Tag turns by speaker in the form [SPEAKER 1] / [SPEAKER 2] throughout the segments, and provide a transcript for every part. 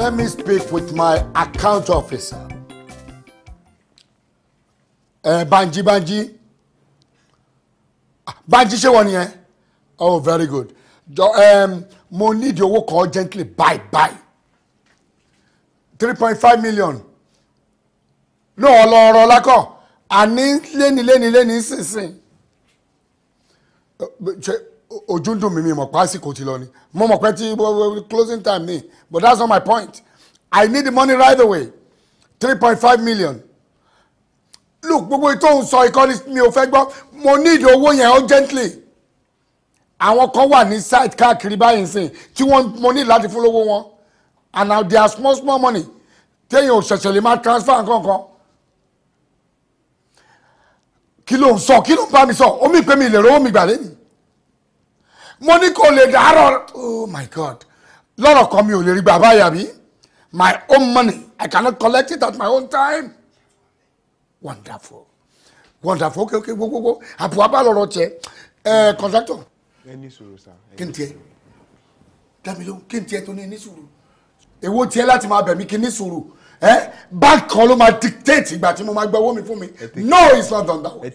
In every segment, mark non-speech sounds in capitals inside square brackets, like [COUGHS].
[SPEAKER 1] Let me speak with my account officer. Ẹ eh, Banji Banji. Ah, Banji ṣé wọ́n nìyẹn? Oh very good. Jo, um, mo need owó kan urgently bye bye. three point five million. Ní ọlọ́ọ̀rọ̀ lákọ̀, àní léni léni léni sísìn ojú ń dùn mí mi mọ̀ pásìkò ti lọ ni mo mọ̀ pé tí closing time ni but that's not my point I need the money right away three point five million look gbogbo ètò ń sọ ìkọ́ni mi ò fẹ́ gbọ́ mo need owó yẹn urgently àwọn kan wà ní site káàkiri báyìí sìn tí wọ́n mo need láti fún lówó wọn and now they are small small money téèyàn ò ṣẹ̀ṣẹ̀ lè máa transfer nǹkan kan kí ló ń sọ kí ló ń bá mi sọ omi ìpè mi ìlérò omi ìgbàlẹ́ mi mo ní kò lè dàárọ̀ oh my god lọ́rọ̀ kan mi ò lè rí bàbá àyà mi my own money i cannot collect it at my own time wonderful wonderful okay okay gbogbogbò àbúrò abá lọ́rọ̀ tiẹ̀ ẹ̀ eh, contractor. ẹ ní sùúrù sá. kí n tiẹ̀ dami lóhùn kí n tiẹ̀ tó ní ní sùúrù èwo tiẹ̀ láti máa bẹ̀ mí kí n ní sùúrù ẹ báńkì kan ló máa dictate ìgbà tí mo máa gbọ́ owó mi fún mi no it's not done that way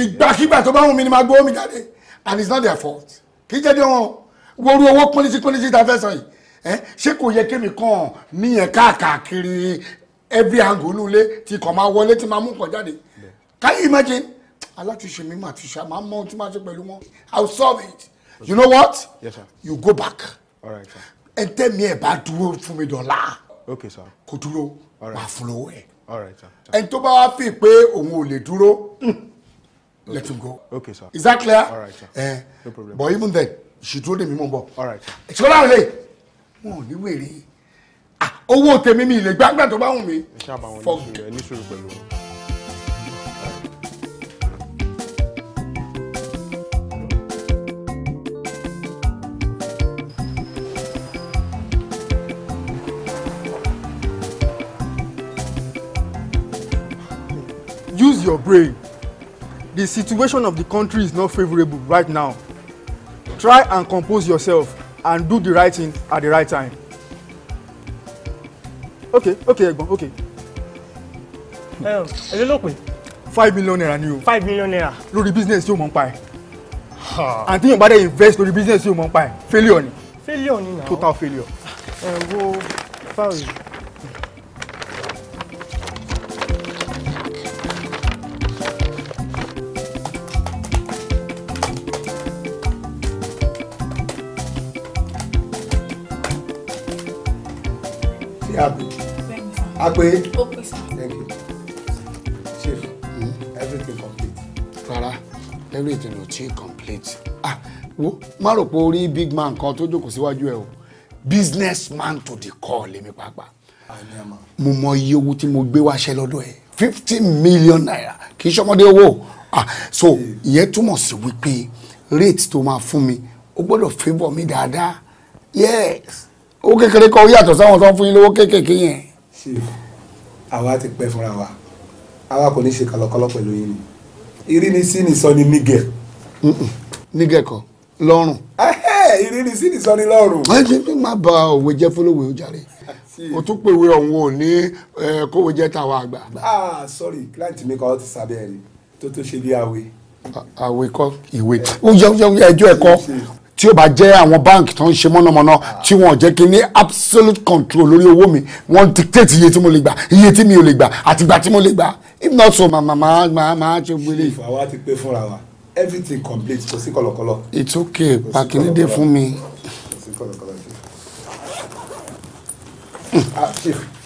[SPEAKER 1] ìgbàkigbà tó bá wù mí ni máa gbọ́ owó mi jáde and it's not their fault kì í jẹ́ wọn woru owó pọ́lísí pọ́lísí ta fẹ́ sọ yìí ẹ ṣé kò yẹ kémi kàn níyẹn káàkiri every angle nulẹ̀ tí máa wọlé tí máa mú kàn jáde can you imagine alátúnṣe mi máa ti ṣe máa mọ ohun tí máa ṣe pẹ̀lú wọn i will solve it you know what yes, sir. you go back ẹ tẹ́mi ẹ̀ bá dúró fún mi dọ̀la kò dúró wà fún lọ́wọ́ ẹ̀ ẹ̀ tó bá wá fi pé òun ò lè dúró. Hmm okay. let him go. okay sir. is that clear. all right sir. Eh, no problem. but even then she told him imú bọ. all right. ṣùgbọ́n àwọn ilé wọn ò ní wèrè owó tèmi mi ìlẹ̀ gbàgbà tó bá wù mí. use your brain the situation of the country is not favorable right now try and compose yourself and do the right thing at the right time okay okay ẹ̀gbọ́n okay. ẹ ẹ ló pè. five million naira ni o. five million naira. lórí business yóò mọ̀ ń pa ẹ̀. and tí yóò bá dẹ̀ invest lórí business yóò mọ̀ ń pa ẹ̀ failure ni. failure ni na. total failure.
[SPEAKER 2] ẹ
[SPEAKER 3] wo fáwọn
[SPEAKER 1] Thank káàbù
[SPEAKER 4] a pé thank you
[SPEAKER 1] chief everything complete. rárá everything ò tí complete ah wo má rò pé big man kan tó jókòó síwájú ẹ o business man to the core lèmi pàápàá mo mọ iye owó tí mo gbé wáṣẹ lọ́dọ̀ ẹ̀ fifty million naira kì í ṣọmọdé ah so ìyẹn túmọ̀ sí wípé rate to ma fún mi ó gbọ́dọ̀ favour mi dáadáa yes owó kékeré kọ́ yàtọ̀ sáwọn tó ń fún yín lówó kéékèèké yẹn. àwa ti pẹ́ fúnra wa àwa kò ní ṣe kọ̀lọ̀kọ̀lọ̀ pẹ̀lú yín ni ìrínisí ni sọ ni nígẹ̀. nígẹ̀ kọ́ lọ́rùn. ìrínisí ni sọ ni lọ́rùn. wọ́n ti fi máa ba òwe jẹ́ fọlọ́wé ó jàre o tún pèwé ọ̀hún ò ní kówó jẹ́ tàwa àgbà. ah sorry client mi kan ti sábẹ́ rí tó tó ṣe bí awe. àwé kọ́ ìwé ó yọ ẹjọ́ ẹ̀kọ́ tí ó bá jẹ́ àwọn báńkì tó ń ṣe mọ́nàmọ́ná tí wọ́n jẹ́ kí n ní absolute control lórí owó mi wọ́n dictate iye tí mo lè gbà iye tí mi ò lè gbà àtìgbà tí mo lè gbà if not so màmá màá màá màá ṣe gbélé. ìfà wa ti pé fúnra wa everything complete kò sí kọlọkọlọ. it's okay pàkínnídé fún mi. Ah,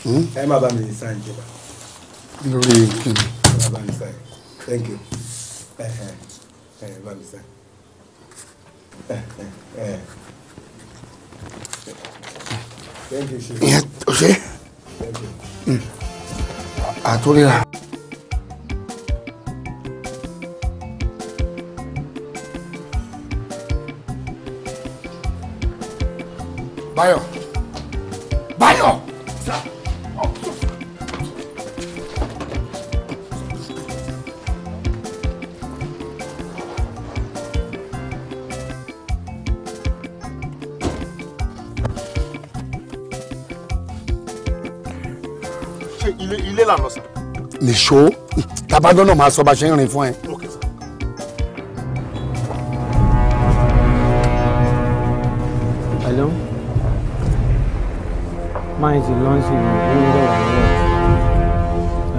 [SPEAKER 1] hmm? ẹ má bá mi sign ìjọba.
[SPEAKER 2] lórí kí ni. ẹ má bá mi sign thank you.
[SPEAKER 1] ẹ ẹ ẹ bá mi sign ìyẹn ò ṣe àtúrírà. Hmm. Báyọ̀. Báyọ̀. Sir. ilé là ń lọ sà. nìṣó tabadọ́nà máa sọ bá ṣe ń rìn fún ẹ. okay sir.
[SPEAKER 3] hello máa ti lọ́nsìn ní ìlú ìlọ́wọ́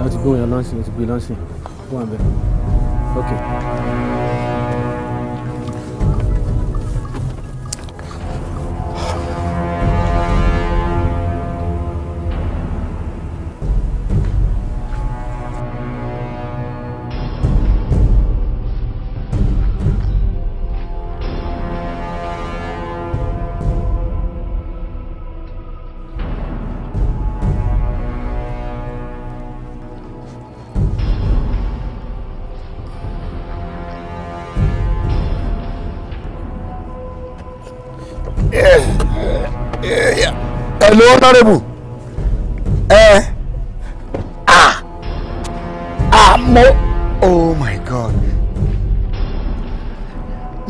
[SPEAKER 3] ìlọ́wọ́ ẹ̀ ọ́ ti gbé wọn lọ́nsìn ó ti gbé lọ́nsìn ó wà bẹ́ẹ̀ okay.
[SPEAKER 1] honorable ẹ ah ah mo oh my god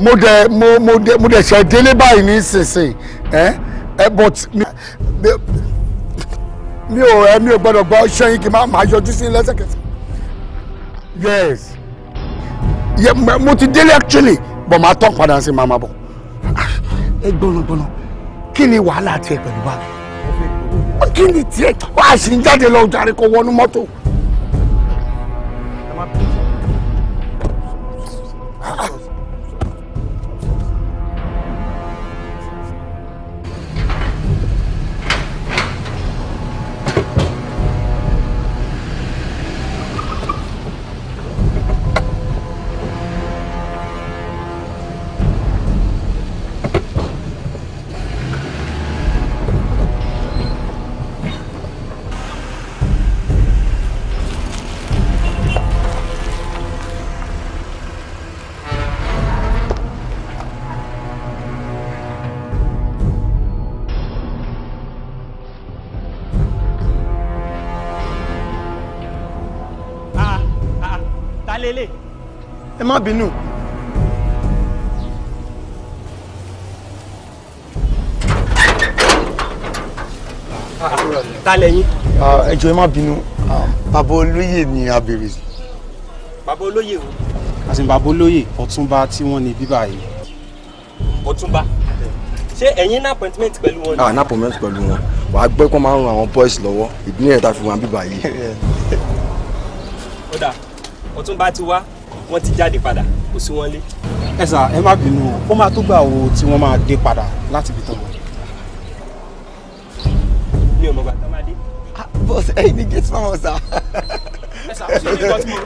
[SPEAKER 1] mo dẹ mo mo dẹ mo dẹ ṣe délé báyìí nísinsìnyí ẹ ẹ but mi mi ò ẹ mi ò gbọ́dọ̀ gbọ́ ṣẹ́yìn kí n má máa yọjú sí lẹ́sẹ̀kẹsẹ̀ yes yeah, mo ti délé actually but màá tọ́ padà sí màmá bọ̀ ẹ gbọ́nà gbọ́nà kí ni wàhálà tiẹ̀ pẹ̀lú wa kí ni tiẹ̀ wàá sì ń jáde lọ jàre kó wọnú mọ́tò. ẹ má bínú. ta lẹ́yìn. ẹ jọ̀ọ́ ẹ má bínú bàbá olóyè ni a béèrè.
[SPEAKER 2] bàbá olóyè
[SPEAKER 3] o. àti bàbá olóyè ọ̀túnba tí wọ́n ní bíbá yìí.
[SPEAKER 2] ọ̀túnba ṣé ẹ̀yin ní appointment pẹ̀lú wọn. ah
[SPEAKER 3] ní appointment pẹ̀lú wọn
[SPEAKER 1] wà á gbẹ́ kó máa ń ran àwọn boys lọ́wọ́ ìdí nìyẹn tá a fi wọn bíbá yìí.
[SPEAKER 3] ọ̀dà ọ̀túnba ti wá wọ́n ti jáde padà kò sí wọn lé. ẹ sà ẹ má bínú
[SPEAKER 1] ó máa tó gbà wo tí wọ́n máa dé padà láti ibi tán lọ.
[SPEAKER 2] mi ò mọ̀ bàtà máa dé. Ah, bọ́sẹ̀ ẹ̀yin ni gate náà wọ̀ sá. ẹ sà ó sì ní
[SPEAKER 1] ìtọ́jú mọ́.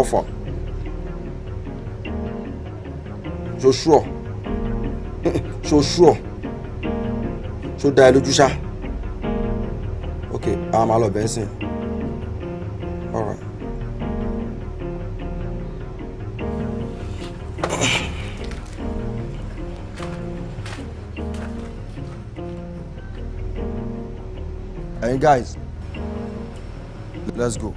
[SPEAKER 1] Alpha. So sure. so sure. So da ẹ lójú ṣá. Okay, a máa lọ bẹ́ẹ̀ sìn. All right. Hey guys, let's go.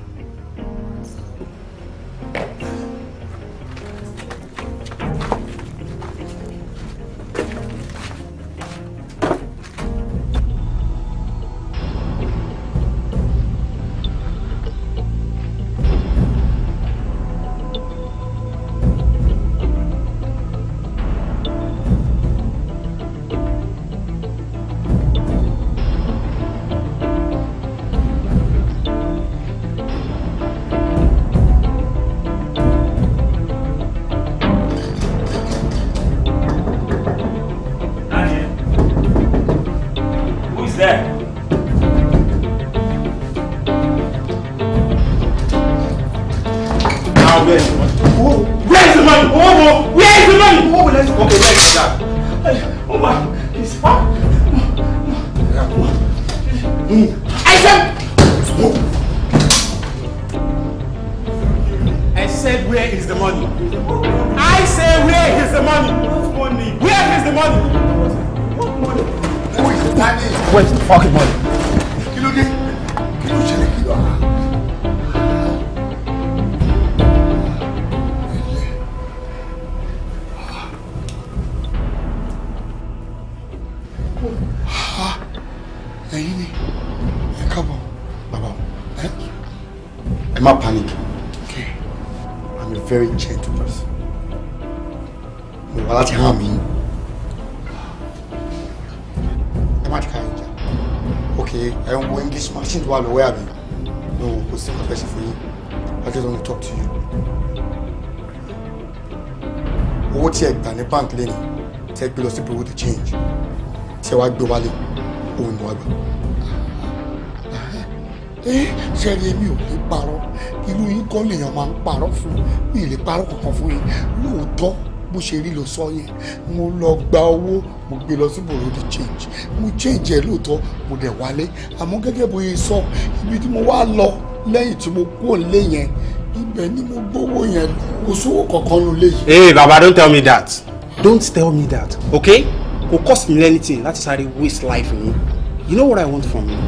[SPEAKER 1] bank lẹ́nu tẹ́ gbé lọ sí bureau de change tẹ́ wá gbé wálé òun ni wá sẹ́ni èmi ò lè parọ́ irú yín kọ́ lèèyàn máa ń parọ́ fún mi ì lè parọ́ kankan fún yín lóòótọ́ bó ṣe rí lọ sọ yẹn mo lọ gba owó mo gbé lọ sí bureau de change mo change ẹ lóòótọ́ mo dẹ̀ wálé àmọ́ gẹ́gẹ́ bóyá sọ ibi tí mo wá lọ lẹ́yìn tí mo kúrò lé yẹn ibẹ̀ ni mo gbówó yẹn kò sówó kankan nulẹ̀ yìí. ee eh, baba don't tell me that don't tell me that okay kò cost me anything how they waste life mi you know what i want from you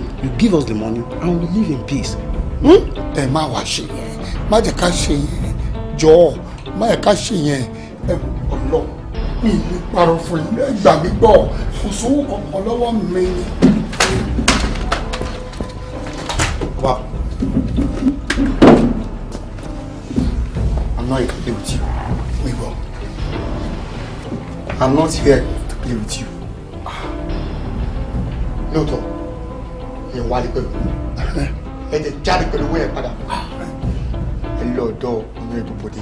[SPEAKER 1] hmm? you give us the money and we live in peace. Hmm? ẹ má wá ṣe yẹn má jẹ́ ká ṣe yẹn jọ̀ọ́ má jẹ́ ká ṣe yẹn ẹ ọlọ mi ní parọ́ fún yín ẹ gbà mí gbọ́ kò sówó kankan lọ́wọ́ mi. Wow. I'm not a guilty. I'm not here to play with you. Lóòótọ́, ẹ wálé pẹ̀lú. Ẹ jẹ jáde pẹ̀lú owó ẹ̀ padà. Ẹ lọ ọ̀dọ́ inú ìbòbòdè.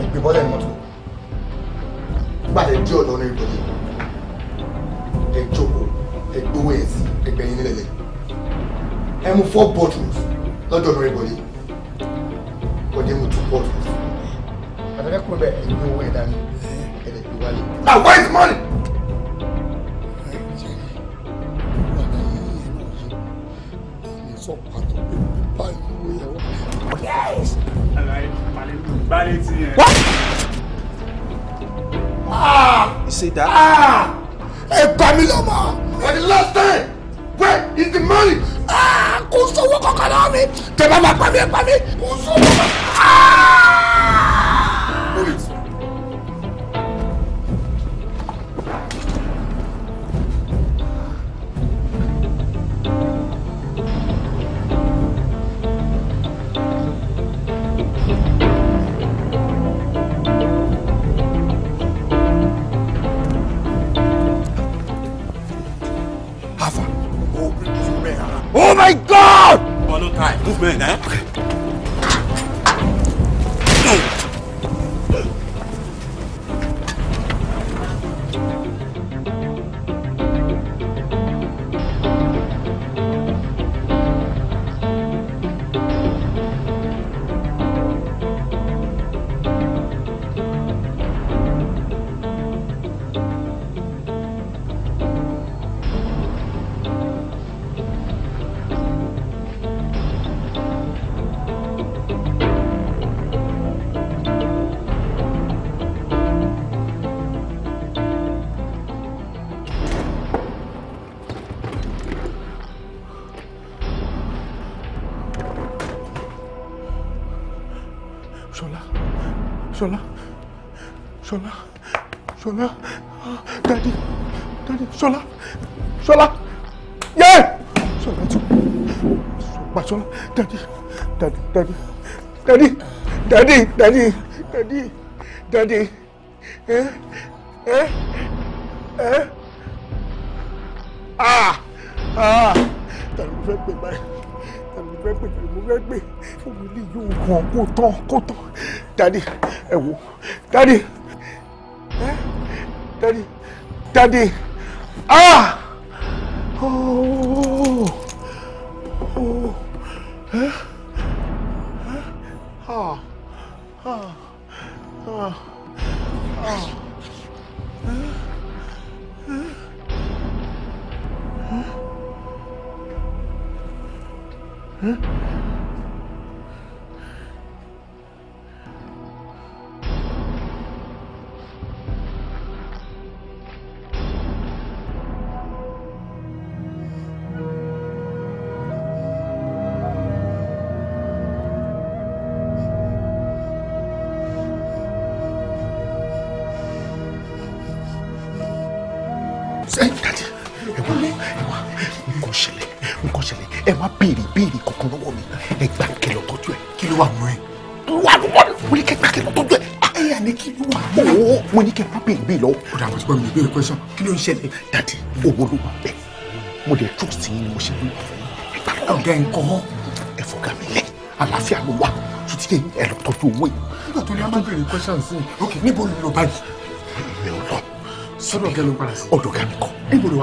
[SPEAKER 1] Ẹ gbé bọ́lẹ̀ mọ́tò. Nígbà tẹ̀ dí ọ̀dọ́ inú ìbòbòdè. Ẹ jókòó, ẹ gbówó ẹ̀ sí ẹgbẹ́ yín nílẹ̀ lẹ̀. Ẹ mu four bottles lọ́dọ̀ inú But Bọ̀dé mu two bottles. Àtàlẹ́kùn bẹ́ẹ̀ ẹ gbé owó ẹ̀ dání. Now where is the money? What? Ah! You see that? Ah! Hey, Bamiloma! For the last time! Where is the money? Ah! Kò sówó kankan lọ́wọ́ mi! Tẹ̀lé bàbá mi Ah! Ṣọlá dadi dadi Ṣọlá Ṣọlá yẹ Ṣọlá ti kú pa Ṣọlá dadi dadi dadi dadi dadi dadi dadi dadi ẹ eh? ẹ eh? ẹ eh? ah ah tàbí mo fẹ́ pè e báyìí tàbí mo fẹ́ pè tàbí e mo fẹ́ pè òun e. ní yóò kàn kó tán kó tán dadi ẹ wo dadi. Daddy, Daddy,
[SPEAKER 5] ah! Oh, oh, huh, huh, ah, ah, ah. Huh?
[SPEAKER 1] gbọ́ me ìbéèrè question kí ló ń ṣẹlẹ̀. dadi owó ló wà bẹ́ẹ̀ mo dẹ̀ trust yín ni mo ṣe ń lò fún yín. ọ̀gá ẹ̀ ń kọ́ ẹ fọ̀gá mi lẹ̀ àlàáfíà ló wà tó ti yẹ ẹ lọ tọ́jú owó yìí. nígbà tó ní a máa béèrè question sí i ok níbo ló lọ báyìí. mi ò lọ sọ́dọ̀ ọ̀gá ló ń padà sí. ọ̀dọ̀ ọ̀gá mi kọ́ níbo ló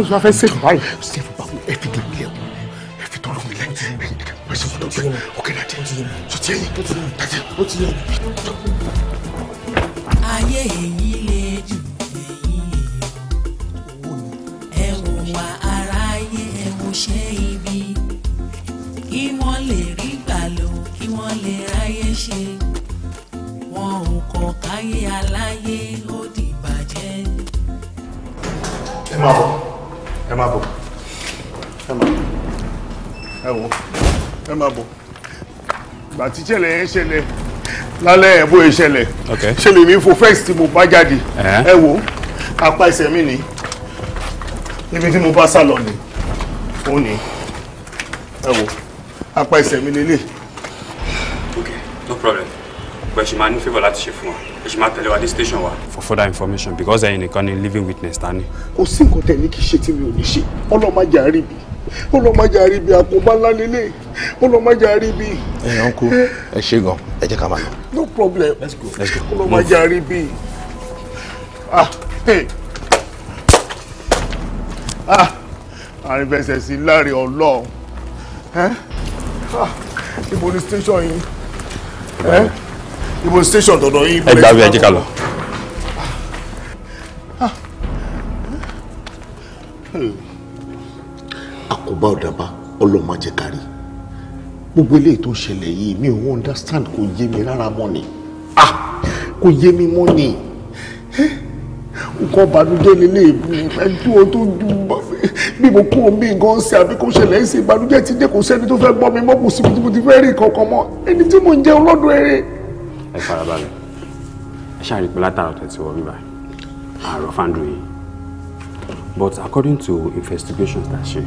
[SPEAKER 1] o sọ fẹ́ sèfù báyìí sèfù báwo ẹ fi dùn mí ẹ ẹ fi tọrọ mi lẹ ẹ ṣe fọdọ gbẹ ọkẹ náà jẹ sọtí
[SPEAKER 4] ẹyìn tàbí.
[SPEAKER 1] ìṣẹ̀lẹ̀ lálẹ́ ẹ̀ bó ìṣẹ̀lẹ̀ ṣẹlẹ̀ mi fo first mo bá jáde ẹ wo apá ẹsẹ̀ mi ni ibi tí mo bá sá lọ ni ó ní ẹ wo apá ẹsẹ̀ mi lélẹ̀.
[SPEAKER 3] ok no problem but ṣì máa ní favour láti ṣe fún wa ẹ ṣì tẹ̀lé wa dé station wa. for further information because ẹ̀yin nìkan ni living witness ta ni. kò
[SPEAKER 1] sí nǹkan tẹ̀ ní kí ṣe tí mi ò ní ṣe ọlọ́mọdé àríbi ọlọ́mọdé àríbi àkóbá ńlá lélẹ̀ ọlọ́mọdé àríbi
[SPEAKER 3] ẹ̀yin ọ̀nkú ẹ ṣe gan ẹ jẹ́ ká máa
[SPEAKER 1] no problem let's go let's
[SPEAKER 3] go ọlọ́mọ ajá
[SPEAKER 1] rí bí ah hey ah àrìnfẹsẹ̀ sí láre ọlọ́run ah, ibo ni station yìí ibo ni station tọ̀dọ̀ yìí. ẹ gbàgbé ẹ jẹ́ ká lọ. gbogbo eléyìí tó ṣẹlẹ̀ yìí mi ò understand kò yé mi rárá mọ́ ni ah kò yé mi mọ́ ni nǹkan ìbànújẹ́ lélẹ̀ ẹjú o tó bí mo kú omi nǹkan ṣe àbí kò ṣẹlẹ̀ ẹ̀ ṣe ìbànújẹ́ ti dé kò sẹ́ni tó fẹ́ gbọ́ mi mọ́ kò síbi tí mo ti fẹ́ rí kankan mọ́ ẹni tí mo ń jẹun lọ́dún eré.
[SPEAKER 3] ẹ farabalẹ̀ ẹ ṣáà rí i pé látara ọ̀tẹ̀ tí wọ́n bíbá àárọ̀ fáńdù yìí but according to investigations that ṣe.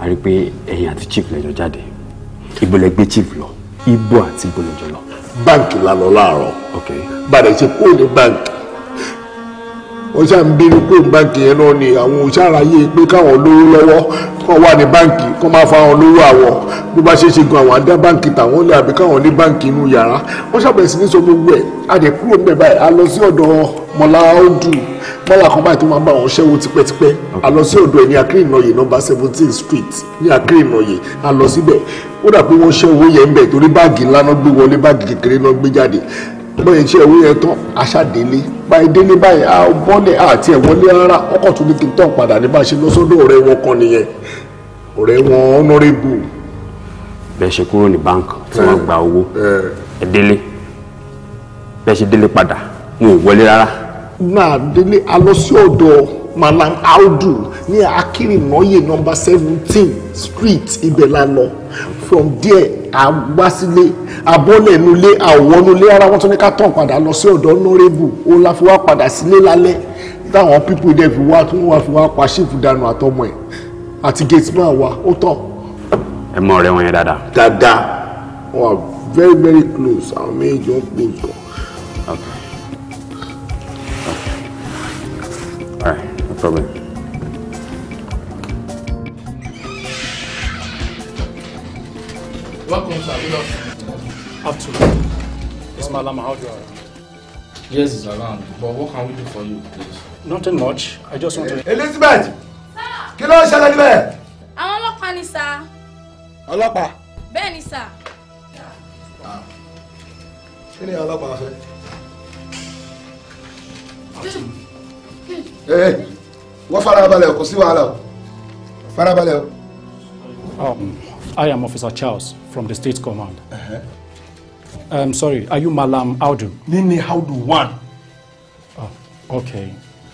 [SPEAKER 3] a rí i pé ẹ̀yin àti chief lẹ́jọ́ jáde ibo lẹ gbé chief lọ ibo àti ibo lẹ́jọ́ lọ. báǹkì la lọ láàárọ̀ ṣe kó ní
[SPEAKER 1] báǹkì ṣáà ń bínú kó banki yẹn náà ni àwọn òṣàráyé pé káwọn lówó lọ́wọ́ kọ́ wà ní báǹkì kọ́ máa fa àwọn lówó àwọn bí ṣe ṣe gan àwọn tàwọn lè àbí káwọn ní inú yàrá gbogbo ẹ̀ a ń bẹ̀ báyìí a lọ sí ọ̀dọ̀ mọ̀lá bọ́lá kan báyìí tó máa ń bá àwọn ṣẹ́wó tipẹ́tipẹ́ a lọ sí ọ̀dọ̀ ẹ̀ akérè ìnáyè nọ́mbà seventeen street ní akérè ìnáyè a lọ síbẹ̀ ó dà pé wọ́n ṣẹ́wó yẹn ń bẹ̀ torí báàgì ńlá náà gbé wọlé báàgì kékeré náà gbé jáde bẹ́ẹ̀ ṣe ìwé yẹn tán aṣáàdélé báyìí délé báyìí a bọ́lẹ̀ àti ẹ̀wọ́lé rárá ọkọ̀ tó ní kí n tán padà ní bá a ṣe lọ sọ́dọ̀ ọ̀rẹ́ wọn kan nìyẹn ọ̀rẹ́ wọn honorable.
[SPEAKER 3] bẹ́ẹ̀ ṣe kúrò ní báńkì tí wọ́n eh. gba owó eh. ẹ̀ délé bẹ́ẹ̀ ṣe
[SPEAKER 1] máa délé a lọ sí ọ̀dọ̀ malam audu ní akérèmọ́yè nọmba seventeen street ibẹ̀ la lọ from there a wá sílé abọ́lẹ̀ nulé àwọnulé ara wọn tó ní ká tàn padà lọ sí ọ̀dọ̀ honorable ó la fi wá padà sílé lálẹ́ táwọn pípò dẹ̀ fi wá tí wọ́n fi wá pa ṣífù dànù àtọmọ ẹ̀ àti gate man wa ó tọ̀.
[SPEAKER 3] ẹ mọ ọ̀rẹ́ wọn yẹn dáadáa. dáadáa
[SPEAKER 1] wọn are very very close àwọn méjì ń pè nǹkan. problem. Welcome, sir. Good afternoon. Afternoon. It's Malama. How do you are?
[SPEAKER 2] Yes, it's around.
[SPEAKER 1] But what can we do for you, please? Nothing much. I just want to. Eh, Elizabeth! Sir! Kí ló ń ṣẹlẹ̀ níbẹ̀?
[SPEAKER 6] I'm ọlọ́pàá ni sá. Ọlọ́pàá? Bẹ́ẹ̀ ni sá. Ah.
[SPEAKER 1] Kí ni ọlọ́pàá fẹ́? wọ́n farabalẹ̀ kò sí wàhálà o farabalẹ̀ o.
[SPEAKER 3] Oh, I am Officer Charles from the State Command.
[SPEAKER 1] Uh-huh. I'm sorry, are you Malam Audu? Nini Audu one. Oh, okay.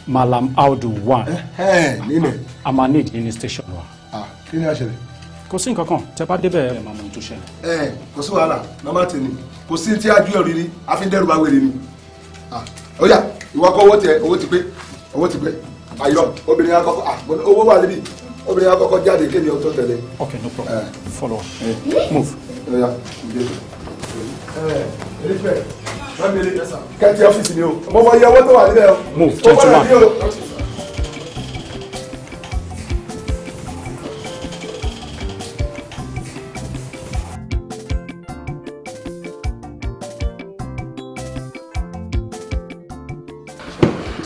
[SPEAKER 1] Malam Audu one. Hey, Nini. I'm a need in station one. Ah, kí ni a ṣẹlẹ̀? Kò sí nǹkan kan, tẹ bá débẹ̀ ẹ̀ máa mọ ohun tó ṣẹlẹ̀. Ẹ kò sí wàhálà, màmá tèmi, kò sí tí ni, Ah, fi ń dẹ́rù bá wèrè ni. Ah, ó yá, ìwà kọ́ owó tiẹ̀, ti pé, owó ti pé ayọ obìnrin yà kọ́kọ́ ah, owó wà níbí obìnrin yà jáde kébi ọtọ tẹ̀lé. ok no problem eh. follow eh. move. Eh, kẹ́ntì ọ́fíìsì ni o mo mọ iye owó tó wà níbẹ̀ o. move twenty one.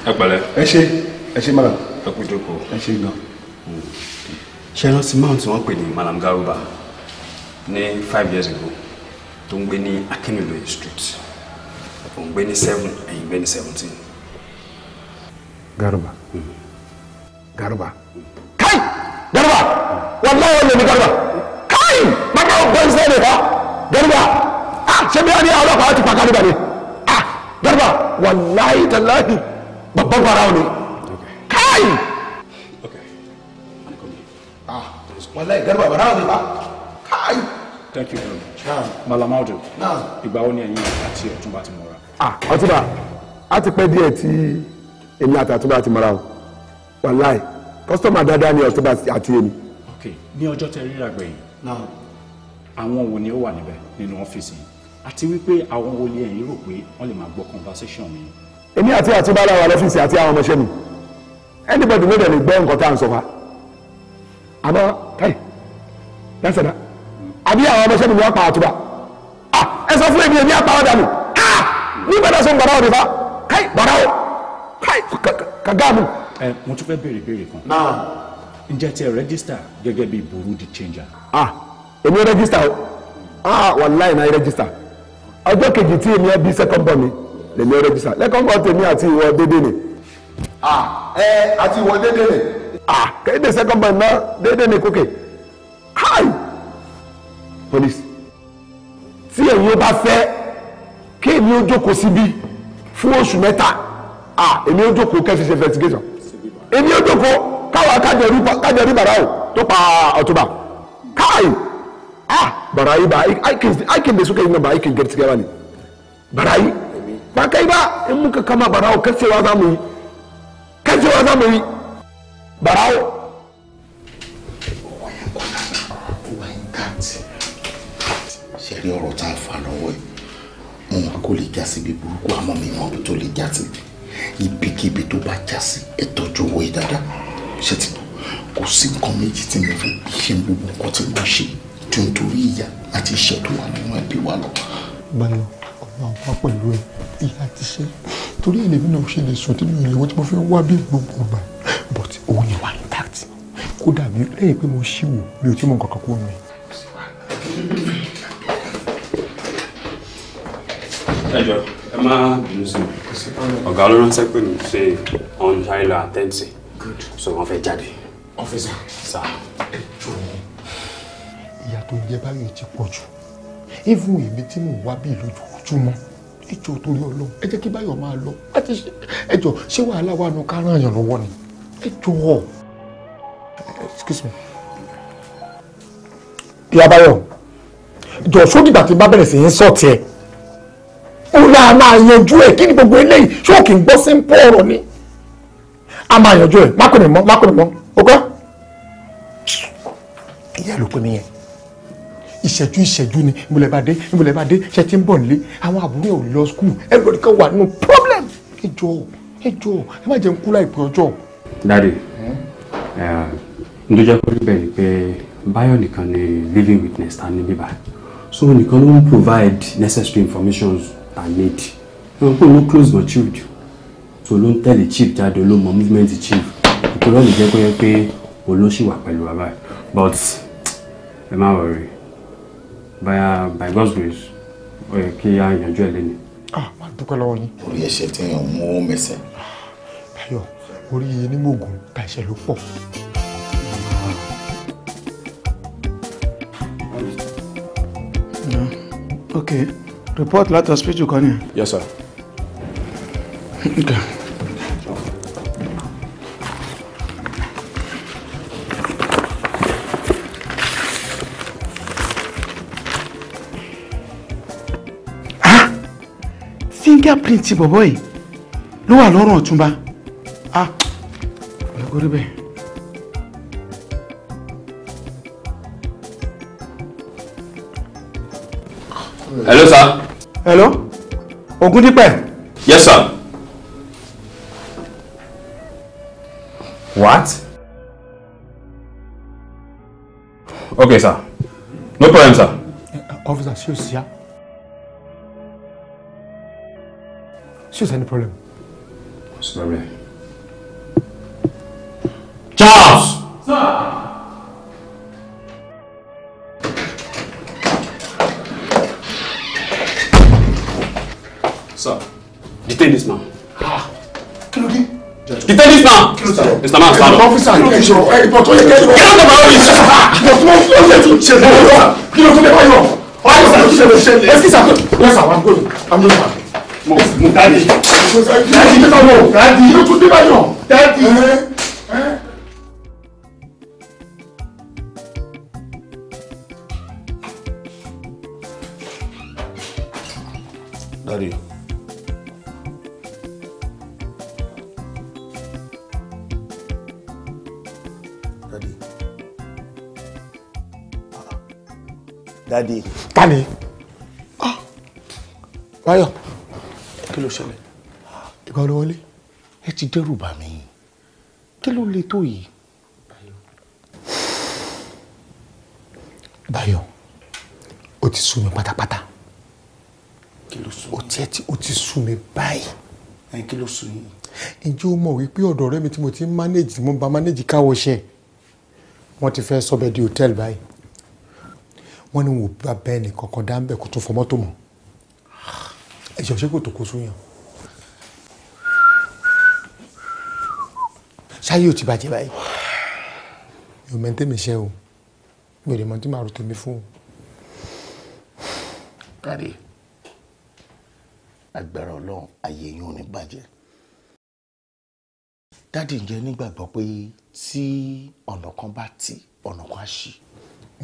[SPEAKER 3] ẹ pẹ̀lẹ́. ẹ ṣe ẹ ṣe madam. ẹ kú jókòó. ẹ ṣe gan. ṣe rántí mount wọn pè ní madam garuba ní five years ago tó ń gbé ní akínilóye street òun gbé ní seven ẹ̀yìn gbé ní seventeen.
[SPEAKER 2] garuba hmm.
[SPEAKER 3] garuba kai
[SPEAKER 5] garuba wàlláhì wọn lè ní garuba kai bàbá ọgbọ́n sẹ́yìn ha
[SPEAKER 1] garuba ah, ṣé bí wọ́n ní ọlọ́pàá ti pa garuba ni ah, garuba wàlláhì tàláhì bàbá bàrà wọn ni time. Okay. I'm coming. Ah, wallahi garba ba rawa ba. Kai. Thank you very much. Naam.
[SPEAKER 3] Malam Audu. Naam. Ìgbà wo ni ẹ̀yin àti Ọ̀túnba ti mọ̀ra?
[SPEAKER 1] Ah, Ọ̀túnba, a ti pẹ́ díẹ̀ tí èmi àti Ọ̀túnba ti mọ̀ra o. Wallahi, kọ́sítọ́mà dáadáa ni Ọ̀túnba àti èmi.
[SPEAKER 3] Okay, ní ọjọ́ tẹ ríra gbẹ̀yìn. Naam. Àwọn wo ni ó wà níbẹ̀ nínú ọ́fíìsì yìí? Àti wípé àwọn wo ni ẹ̀yin rò pé wọ́n lè máa gbọ́ conversation mi? Èmi
[SPEAKER 1] àti Ọ̀túnba lára wà lọ́fíìsì àti àwọn ọmọọṣẹ́ mi anybody no dey gbọ́ nǹkan tá à ń sọ fa àmọ́ káyì lẹ́sẹ̀ náà àbí àwọn ọmọ sẹ́ni mi wá pa àtúbà ah, ẹ sọ fún èmi èmi àpá ọ̀dà mi ní gbọ́dọ̀ sọ gbọ́dọ̀ òdìfá káyì bàrà o káyì kàgáàmù. ẹ mo tún fẹ́ béèrè béèrè kan. náà ǹjẹ́ tí ẹ rẹ́gísítà gẹ́gẹ́ bí burúdi changer. ah èmi rẹ́gísítà o ah wàláì náà rẹ́gísítà ọjọ́ kejì tí èmi ẹ bí sẹ́kọ̀ǹbọ̀ mi lèmi rẹ́gísítà lẹ́kọ̀ǹbọ̀ tèmi àti ìwọ dédé ni ẹ àti ìwọ dédé rẹ. kéde second man náà dédé ni kókè hi police tí ẹ̀yin bá fẹ́ kí èmi ó jókòó síbi fún oṣù mẹ́ta èmi ó jókòó kẹ́fì ṣe investigation èmi ó jókòó káwa kájẹrí bàrà o tó pa ọ̀túnba káì bàrà yìí bá i can dey so kẹ́yìn náà bá i can get together ni bàrà yìí bàkà bá emu kankan ma bàrà o kẹ́sì wa dàmú yìí ka je wannan mai barawo ṣe rí ọ̀rọ̀ tá a fà lọ́wọ́ ẹ̀ wọn kò lè já síbi burúkú àmọ́ mi mọ̀ tó lè já sí ibikíbi tó bá já sí ẹ tọ́jú owó yìí dáadáa ṣe ti bọ̀ kò sí nǹkan méjì tí mo fẹ́ ṣe gbogbo nǹkan tí mo ṣe tí n torí ìyá àti ìṣẹ́ tó wà nínú ẹbí wa lọ. báyọ̀ máa wá pẹ̀lú ẹ ìyá ti ṣe torí ẹlẹ́mi náà ṣe lè sùn tí mi ò lè wo tí mo fẹ́ wá bí gbogbo ọgbà but òun ni wà intact kódà mi lẹ́yìn pé mo ṣì wò mi ò tí mo kankan kú mi.
[SPEAKER 3] ẹ jọ ẹ má bínú sí mi ọ̀gá ló ránṣẹ́ pé mi ṣe on. ṣáré lọ àtẹ́ǹtì so wọ́n fẹ́ jáde. ọ̀fíìsà sà ẹ
[SPEAKER 1] jọ ìyá tó ń jẹ báyìí ti pọ̀ jù even èmi tí mò ń wá bí lójú túmọ̀ ẹjọ́ torí ọlọ́run ẹ jẹ́ kí báyọ̀ máa lọ láti ṣe ẹjọ́ ṣé wàhálà wà nù kárán èèyàn lọ́wọ́ ni ẹjọ́ ọ̀ excuse me ìyá báyọ̀ ìjọ sódìgbà tí bá bẹ̀rẹ̀ sí ń sọ̀tì ẹ̀ ó lá a máa yanjú ẹ̀ kí ni gbogbo eléyìí ṣóòkì ń gbọ́ sí ń pọ̀ ọ̀rọ̀ ni a máa yanjú ẹ̀ mákùnrin mọ́ mákùnrin mọ́ ó ìyá ló pè mí yẹn ìṣẹ́jú ìṣẹ́jú ni ìmúlẹ̀ bá dé ìmúlẹ̀ bá dé ṣe ti ń bọ̀ nílé àwọn àbúrò ò lọ skul everybody kan wà nínú problem ẹ jọ̀ọ́ ẹ jọ̀ọ́ ẹ má jẹ́ ń kú láìpẹ́ ọjọ́.
[SPEAKER 3] dáre ǹjọ́ jẹ́ rí bẹ́ẹ̀ ni pé báyọ̀ nìkan ni living witness ta ní bíbá so nìkan ló ń provide necessary information ta need ẹ̀rọ pé ló close my chief so ló ń tẹ̀lé chief jáde ló mọ movement chief ìpínlẹ̀ ọ̀nà jẹ́ kó yẹ pé olóṣìwà pẹ̀lú bàbá but ẹ má wọrí báyà uh, by God's grace ó yẹ kí a yanjú ẹ lẹ́nu. ah máa dúpẹ́ lọ́wọ́ yín. orí ẹsẹ̀ tí èèyàn mú ó mẹsẹ̀.
[SPEAKER 1] Táyọ̀ orí onímọ̀ògùn ta ẹsẹ̀ ló pọ̀. Hmm, ok report láti hospital kan ni.
[SPEAKER 3] yes sir. okay.
[SPEAKER 1] fingerprint bọ̀bọ̀ yìí ló wà lọ́rùn ọ̀túnba ah ọ̀lẹ́kọ̀ọ́ rí bẹ́ẹ̀.
[SPEAKER 3] hello sir. hello Ògúndípẹ̀. yes sir. what. okay sir no problem sir.
[SPEAKER 1] Uh, officer ṣé o ṣí ya. She's any problem.
[SPEAKER 3] What's the problem? Charles! Sir! Sir. Detain this man. Ah. Detain this man. Mr. Man, stand up. Officer, get out of
[SPEAKER 7] my
[SPEAKER 1] office. Just move closer to Chelsea. Kí ló tún lè wáyọ̀? Why is that? Yes, sir. Yes, sir. I'm going. I'm going mo mo dáàdì dáàdì kí lọ́wọ́ dáàdì yóò tún dé báyọ̀ dáàdì. dáàdì. dáàdì. Ah. dáàdì. tani. ah báyọ̀ kí ló ṣẹlẹ̀ ìgbà ló wọlé ẹ ti dẹ́rù bà mí kí ló le tó yìí. Báyọ̀ o ti sú mi pátápátá o tiẹ̀ ti o ti sú mi báyìí. ẹyin kí ló sú yìí. ǹjẹ́ o mọ̀ wípé ọ̀dọ̀ ọ̀rẹ́ mi tí mo ti ń manage mo ń ba manage káwọ́ ṣe wọ́n ti fẹ́ sọ́bẹ̀ di hòtẹ́ẹ̀lì báyìí wọ́n ní wọn bá bẹ́ẹ̀ ní kankan dá ń bẹ̀ kó tó fọ mọ́tò mọ́ ẹ̀ṣẹ̀ ṣé kò tó kó sóyàn ṣáyé ò ti bàjẹ́ báyìí mi ò mẹ́ntẹ́ mi ṣe o mi ò lè mọ tí màá rò tèmi fún o. kárí agbára ọlọ́run ayé yín ò ní bàjẹ́ dáàdì ń jẹ́ nígbàgbọ́ pé tí ọ̀nà kan bá tì ọ̀nà kan á ṣí.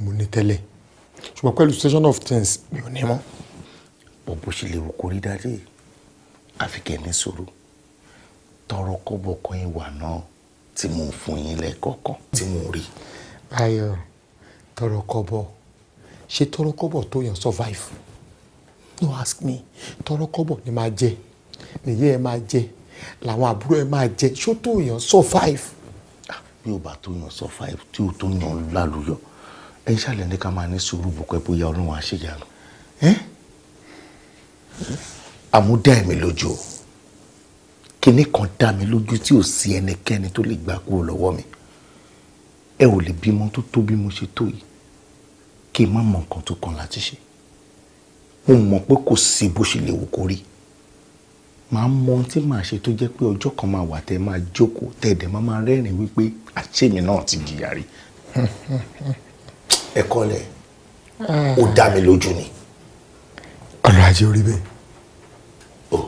[SPEAKER 1] mo ní tẹ́lẹ̀ ṣùgbọ́n pẹ̀lú station of things mi ò ní mọ́ bó bó ṣe lè wò kó rí dáadé àfi kẹ́ni sọ̀rọ̀ tọrọ kọ́bọ̀kan ìwà náà tí mò ń fún yín lẹ́kọ̀ọ̀kan tí mò ń rí. Ayọ̀ tọrọ kọ́bọ̀ ṣe tọrọ kọ́bọ̀ tó yàn survive no ask me tọrọ kọ́bọ̀ ni máa jẹ nìyí ẹ máa jẹ làwọn àbúrò ẹ máa jẹ ṣó tó yàn survive. Ah, bí o bá tó yàn survive tí o tó yàn lálùyọ ẹ ṣàlẹ̀ ní ká máa ní sùúrù bùkọ́ ẹ bóyá ọlọ́run àṣeyànú àmúdá ẹ̀mí lójú o kinní kan dá mi lójú tí ò sí ẹnikẹ́ni tó lè gbà kúrò lọ́wọ́ mi ẹ ò lè bímọ tó tó bí mo ṣe tó yìí kí n má mọ nǹkan tó kàn láti ṣe mo mọ̀ pé kò sí bó ṣe lè wò kó rí màá mọ ohun tí màá ṣe tó jẹ́ pé ọjọ́ kan máa wà tẹ́ máa jókòó tẹ́ ẹ̀dẹ̀ máa máa rẹ́rìn wípé àṣẹ̀mí náà ti jìyà rí [LAUGHS] ẹ kọ́lẹ̀ ó dá mi lójú ni ọ̀rọ̀ ajé orí bẹ́ẹ̀ o oh.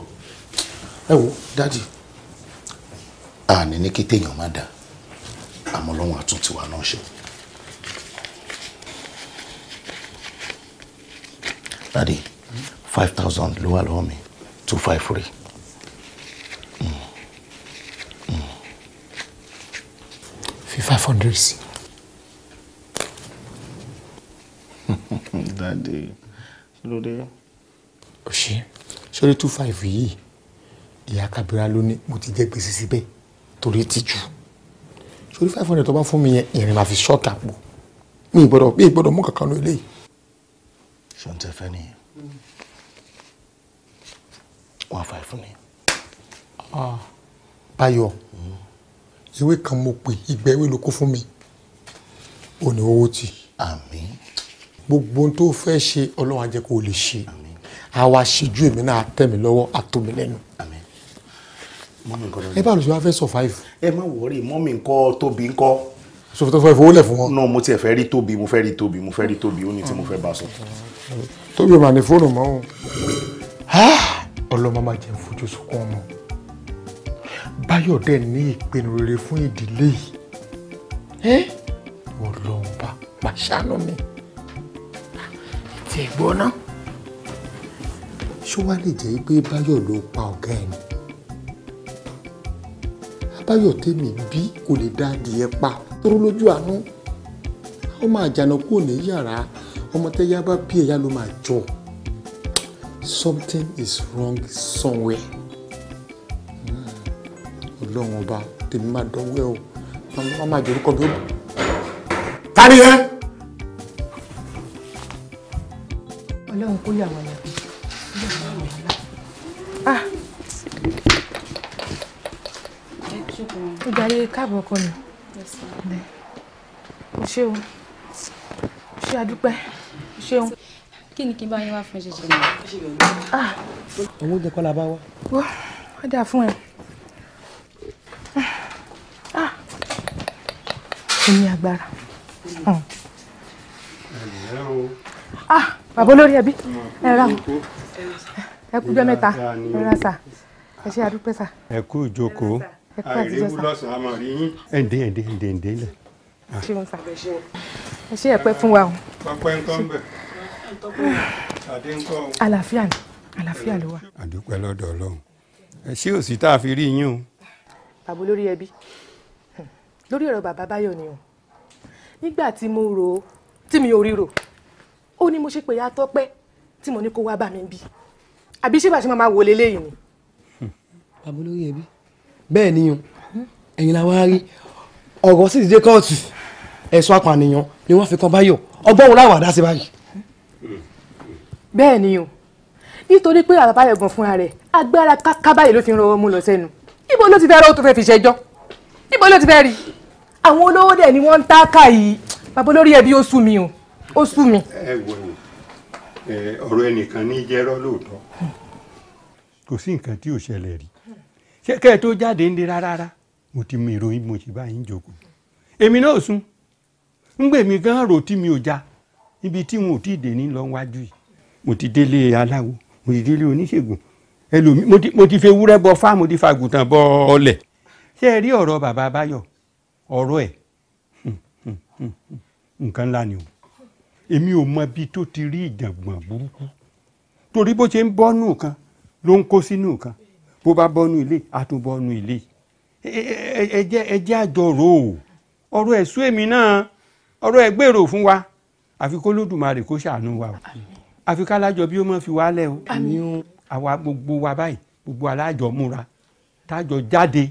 [SPEAKER 1] ẹ wo dáàdì àní ní kí téèyàn má dáa àmọ́ lọ́wọ́n àtúntì wa náà ṣe. dáàdì five thousand ló wà lọ́wọ́ mi two five three. Mm. Mm. fi five hundred sí. [LAUGHS] dáàdì kí ló dé ó ṣe sórí two five yìí ìyá Kabira ló ní mo ti jẹ́ gbèsè síbẹ̀ torí tìjú sórí five hundred tó bá fún mi yẹn ìrìn máa fi ṣọ́ọ̀tà pò mi ìgbọ́dọ̀ mi ìgbọ́dọ̀ mú kankan ní eléyìí. ṣọ́ntẹ́ fẹ́ nìyẹn one five fún ni. Ah, Báyọ̀ ìwé kan mo pè ìgbà ìwé ló kó fún mi ò ní owó tì. àmín. gbogbo ohun tó fẹ́ ṣe ọlọ́run jẹ́ kó o lè ṣe. àmín àwa ṣíjú èmi náà tẹ̀mí lọ́wọ́ àtòmí lẹ́nu. ẹ bá lùsùn wá fẹ́ survive. ẹ má wọrí mọ́mì ńkọ́ tóbi ńkọ́. sọfọ tó fọ ìfowó lẹ̀ fún wọn. náà mo tiẹ̀ fẹ́ rí tóbi mo fẹ́ rí tóbi mo fẹ́ rí tóbi ó ní tí mo fẹ́ bá sọ. tóbi ò mà ní fóònù mọ́ o ọlọ́mọ máa jẹ́ fojú sunkún ọmọ báyọ̀dé ní ìpinnu rere fún ìdílé
[SPEAKER 4] yìí
[SPEAKER 1] ọlọ́run bá pàṣánú mi tí ẹ ṣó wá lè jẹ́ pé báyọ̀ ló pa ọ̀gá ẹ̀ ni báyọ̀ tèmi bí kò lè dá adìyẹ pa tóró lójú àánú ó máa jànà kúrò ní yàrá ọmọ tẹ́yà bá bí ẹ̀yà ló máa jọ something is wrong somewhere hmm, ọlọ́run ọba tèmi máa dánwẹ́ o wọ́n máa jẹ́ orúkọ mi ó.
[SPEAKER 4] ta ni ẹ. ọlọ́run kó lè
[SPEAKER 6] àwọn ìgbàlè káàbọ̀ ọkọ mi o ṣeun o ṣe àdúpẹ́ o ṣeun. kí ni kí n bá yín wá fún ṣẹṣẹ mi. Ah.
[SPEAKER 4] owó jẹ kọ́ la bá wá.
[SPEAKER 6] wọ́n á dà fún ẹ. Ah. ó ní agbára.
[SPEAKER 2] Ah, bàbá olórí ẹbí hmm. ẹ ra ẹ kú jẹ mẹ́ta ẹ ra
[SPEAKER 6] sà ẹ ṣe àdúpẹ́ sà.
[SPEAKER 2] ẹ kú ìjókòó àìríwú lọ́sàn-án a máa rí yín. ẹ̀ǹdẹ̀ ẹ̀ǹdẹ̀ ẹ̀ǹdẹ̀ ẹ̀ǹdẹ̀ ẹ̀ǹdẹ̀. kí ló ń sàbẹ̀ ṣe o. ẹ ṣe ẹ̀pẹ́ fún wa o. pẹpẹ ń tán àlàáfíà ni àlàáfíà ló wà. àdúpẹ́ lọ́dọ̀ ọlọ́run ẹ ṣé òsì tá a fi rí yín
[SPEAKER 3] o.
[SPEAKER 4] bàbá olórí ẹbí lórí ọ̀rọ̀ bàbá báyọ̀ ni o nígbà tí mo rò ó tí mi ò ríro ó ní mo ṣe pé ya tọ́pẹ́ tí mo ní kó wá bá mi bí àbí ṣé bàṣẹ́ máa wò lélẹ́yìn ni. bàbá olórí ẹbí bẹ́ẹ̀ ni ẹ̀yin la wá rí ọ̀rọ̀ sì ti dé kóòtù ẹ̀sùn apànìyàn ni wọ́n fi kan báyọ̀ ọgbọ́n wo láwọn àdá sí báyìí. bẹ́ẹ̀ ni o nítorí pé àbá báyọ̀ gan fúnra rẹ̀ agbára káká báyìí ló fi ń rọwọ́ mú lọ sẹ́nu ibo ló ti fẹ́ rọ́wọ́ tó fẹ́ fi ṣẹjọ́ ibo ló ti fẹ́ rí àwọn olówó dẹ̀ ni wọ́n ń táàkà yìí bàbá olórí ẹbí ó sú mi o ó sú mi.
[SPEAKER 2] ẹ wò ó ọ̀rọ̀ ẹnìkan ní jẹ́rọ́ lóòótọ́ kò sí kẹ́ ẹ tó jáde ń de rárá mo ti mọ ìròyìn mo sì bá yín jókòó èmi náà sùn ń gbè mí gan rò tí mi ò já ibi tí wọn ò tí ì dé ní lọ wájú yìí mo ti délé aláwo mo ti délé oníṣègùn ẹlòmí mo ti fi ewúrẹ́ bọ fáà mo ti fàgùtàn bọ ọlẹ̀ ṣé ẹ rí ọ̀rọ̀ bàbá Báyọ̀ ọ̀rọ̀ ẹ̀ nǹkan ńlá ni o èmi ò mọ ibi tó ti rí ìjàngbọ̀n burúkú torí bó ṣe ń bọ́ nù kan ló ń kó sínú kan bó bá bọ́nú ilé á tún bọ́nú ilé ẹ jẹ́ ẹ jẹ́ àjọrò o ọ̀rọ̀ ẹ̀ sú èmi náà ọ̀rọ̀ ẹ̀ gbèrò fún wa àfi kó lódùmarè kó ṣàánú wa o àfi kálájọ bí ó mọ̀ fi wálẹ̀ o àwa gbogbo wa báyìí gbogbo alájọ múra tájọ jáde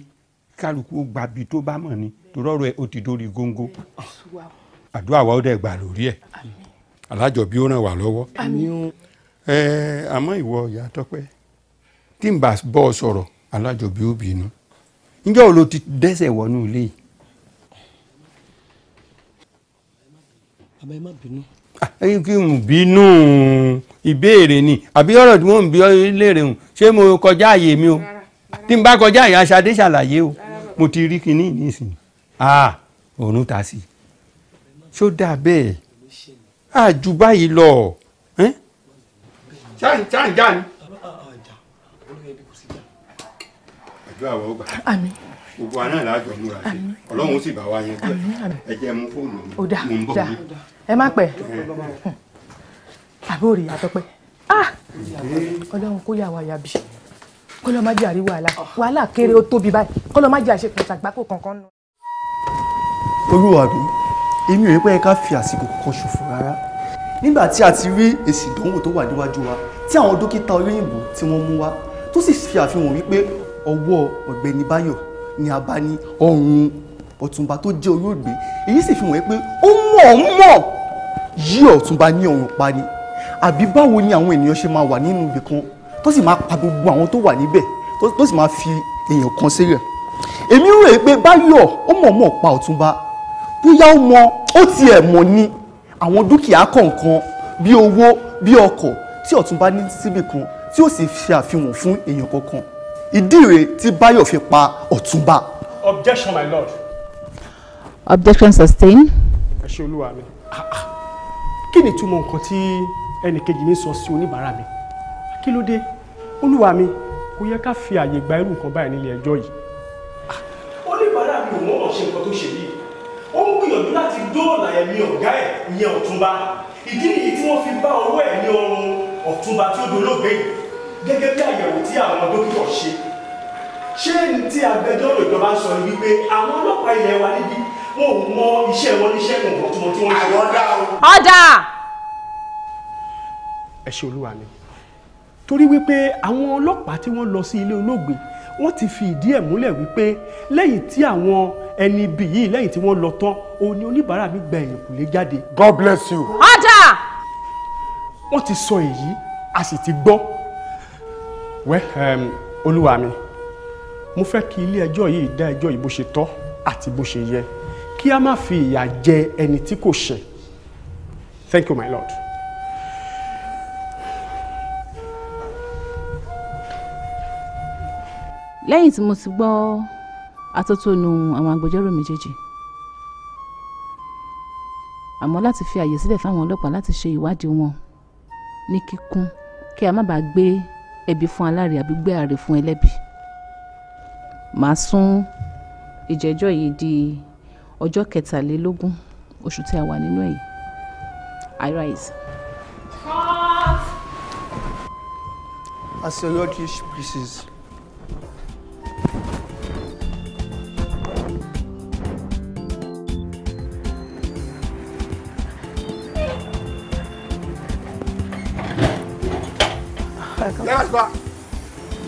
[SPEAKER 2] kálukú gbàbí tó bá mọ̀ ni torọ́rọ̀ ẹ̀ ó ti dórí góńgó àdúrà wa ó dẹ̀ gbà lórí ẹ̀ alájọ bí ó ràn wá lọ́wọ́ àmọ́ ìwọ ìyá tọ́pẹ́ tí n bá bọ́ ọ sọ̀rọ̀ alájọbí ó bínú níjọ́ wo ló ti dẹ́sẹ̀ wọnú ilé yìí. ẹyin ah, kí n bínú ìbéèrè ni àbí ọ̀rọ̀ tí mò ń bí léèrè hùn ṣé mo kọjá àyè mi o tí n bá kọjá àyè aṣadé ṣàlàyé o mo ti rí kinní nísìnyí ah òórùn ta sí ṣó dáa bẹ́ẹ̀ àjù ah, báyìí lọ. ṣáà ń ṣáà àdúrà wa ó gbà. àmín. gbogbo àná làájọ múra sí ọlọ́run ó sì bá wa yẹn ẹ jẹ́ mú fóònù
[SPEAKER 4] mi mò ń bọ̀ mí. ẹ má pẹ́ àbórí àtọ́pẹ́ ah! ọlọ́run kó yà wá yàbí kọ́lọ́ má jẹ́ àrí wàhálà wàhálà kéré ó tóbi báyìí kọ́lọ́ má jẹ́ àṣepọ̀ ṣàgbákò kankan nù.
[SPEAKER 1] olúwa mi èmi ò rí pé ká fi àsìkò kankan ṣòfò rárá nígbà tí a ti rí èsì ìdánwò tó wà níwájú wa tí àwọn dókítà olóyìnbó tí wọ́n mú wá tó sì fi àfihàn wípé ọwọ́ ọ̀gbẹ́ni Báyọ̀ ni a bá ní ọrùn ọ̀túnba tó jẹ́ olóògbé èyí sì fi hàn pé ó mọ̀ọ́mọ̀ yí ọ̀túnba ní ọrùn pa ni àbí báwo ni àwọn ènìyàn ṣe máa wà nínú ibì kan tó sì máa pa gbogbo àwọn tó wà níbẹ̀ tó sì máa fi èèyàn kan sílẹ̀ èmi rò pé Báyọ̀ ó mọ̀ọ́mọ̀ pa ọ̀túnba bóyá ó mọ ó tiẹ̀ mọ̀ ni àwọn dúkìá kọ̀ọ̀kan bí owó bí ọkọ̀ tí ọ̀túnba ní síbì kan tí ó sì fi àfihàn fún èèyàn kọ̀ọ̀kan ìdí rèé tí Báyọ̀ fi
[SPEAKER 7] pa Ọ̀túnba.
[SPEAKER 1] objection my lord.
[SPEAKER 7] objection sustained.
[SPEAKER 1] ẹ ṣe olúwa mi ah, ah. kí ni túmọ̀ nǹkan tí ẹnìkejì mi sọ sí oníbàárà mi kí ló dé olúwa mi kò yẹ ká fi àyè gba irú nǹkan báyìí nílé ẹjọ́ yìí. Ah, oníbàárà mi ò mọ̀ ọ̀ṣẹ̀ nǹkan tó ṣe yìí ó ń gbìyànjú láti dóòlà ẹ̀mí ọ̀gá ẹ̀ ìyẹn Ọ̀túnba ìdí nìyí tí wọ́n fi bá ọwọ́ ẹ̀ ọrùn Ọ̀túnba tí ó dolóògbé yìí gẹ́gẹ́ bí àyẹ̀wò tí àwọn dókítà ṣe ṣé tí agbẹjọ́rò ìjọba sọ ni wípé àwọn ọlọ́pàá ilẹ̀ wa níbi wọn ò mọ iṣẹ́ wọn níṣẹ́ wọn
[SPEAKER 7] mọ tí wọ́n ṣe. ọ̀dà ọ̀dà.
[SPEAKER 1] ẹ ṣe olúwa mi torí wípé àwọn ọlọ́pàá tí wọ́n lọ sí ilé olóògbé wọ́n ti fi ìdí ẹ̀ múlẹ̀ wípé lẹ́yìn tí àwọn ẹni ibì yìí lẹ́yìn tí wọ́n lọ tán òun ni oníbàárà mi gba ẹ̀yìn kùlé jáde. God bless you. ọ̀dà. wọ́n ti sọ èyí a sì ti gbọ́ wẹ́ um, olúwa mi mo fẹ́ kí ilé ẹjọ́ yìí dá ẹjọ́ yìí bó ṣe tọ́ àti bó ṣe yẹ kí a má fi ìyà jẹ ẹni tí kò ṣẹ̀ thank you my lord.
[SPEAKER 7] lẹ́yìn tí mo ti gbọ́ atótónu àwọn agbẹjọ́rò méjèèjì àmọ́ láti fi àyè sílẹ̀ fáwọn ọlọ́pàá láti ṣe ìwádìí wọn ní kíkún kí a má bàa gbé ẹbí fún aláre àbí gbé àre fún ẹlẹ́bi màá sún ìjẹ́jọ́ yìí di ọjọ́ kẹtàlélógún oṣù tí a wà nínú èyí I rise. As your Lordship pleases.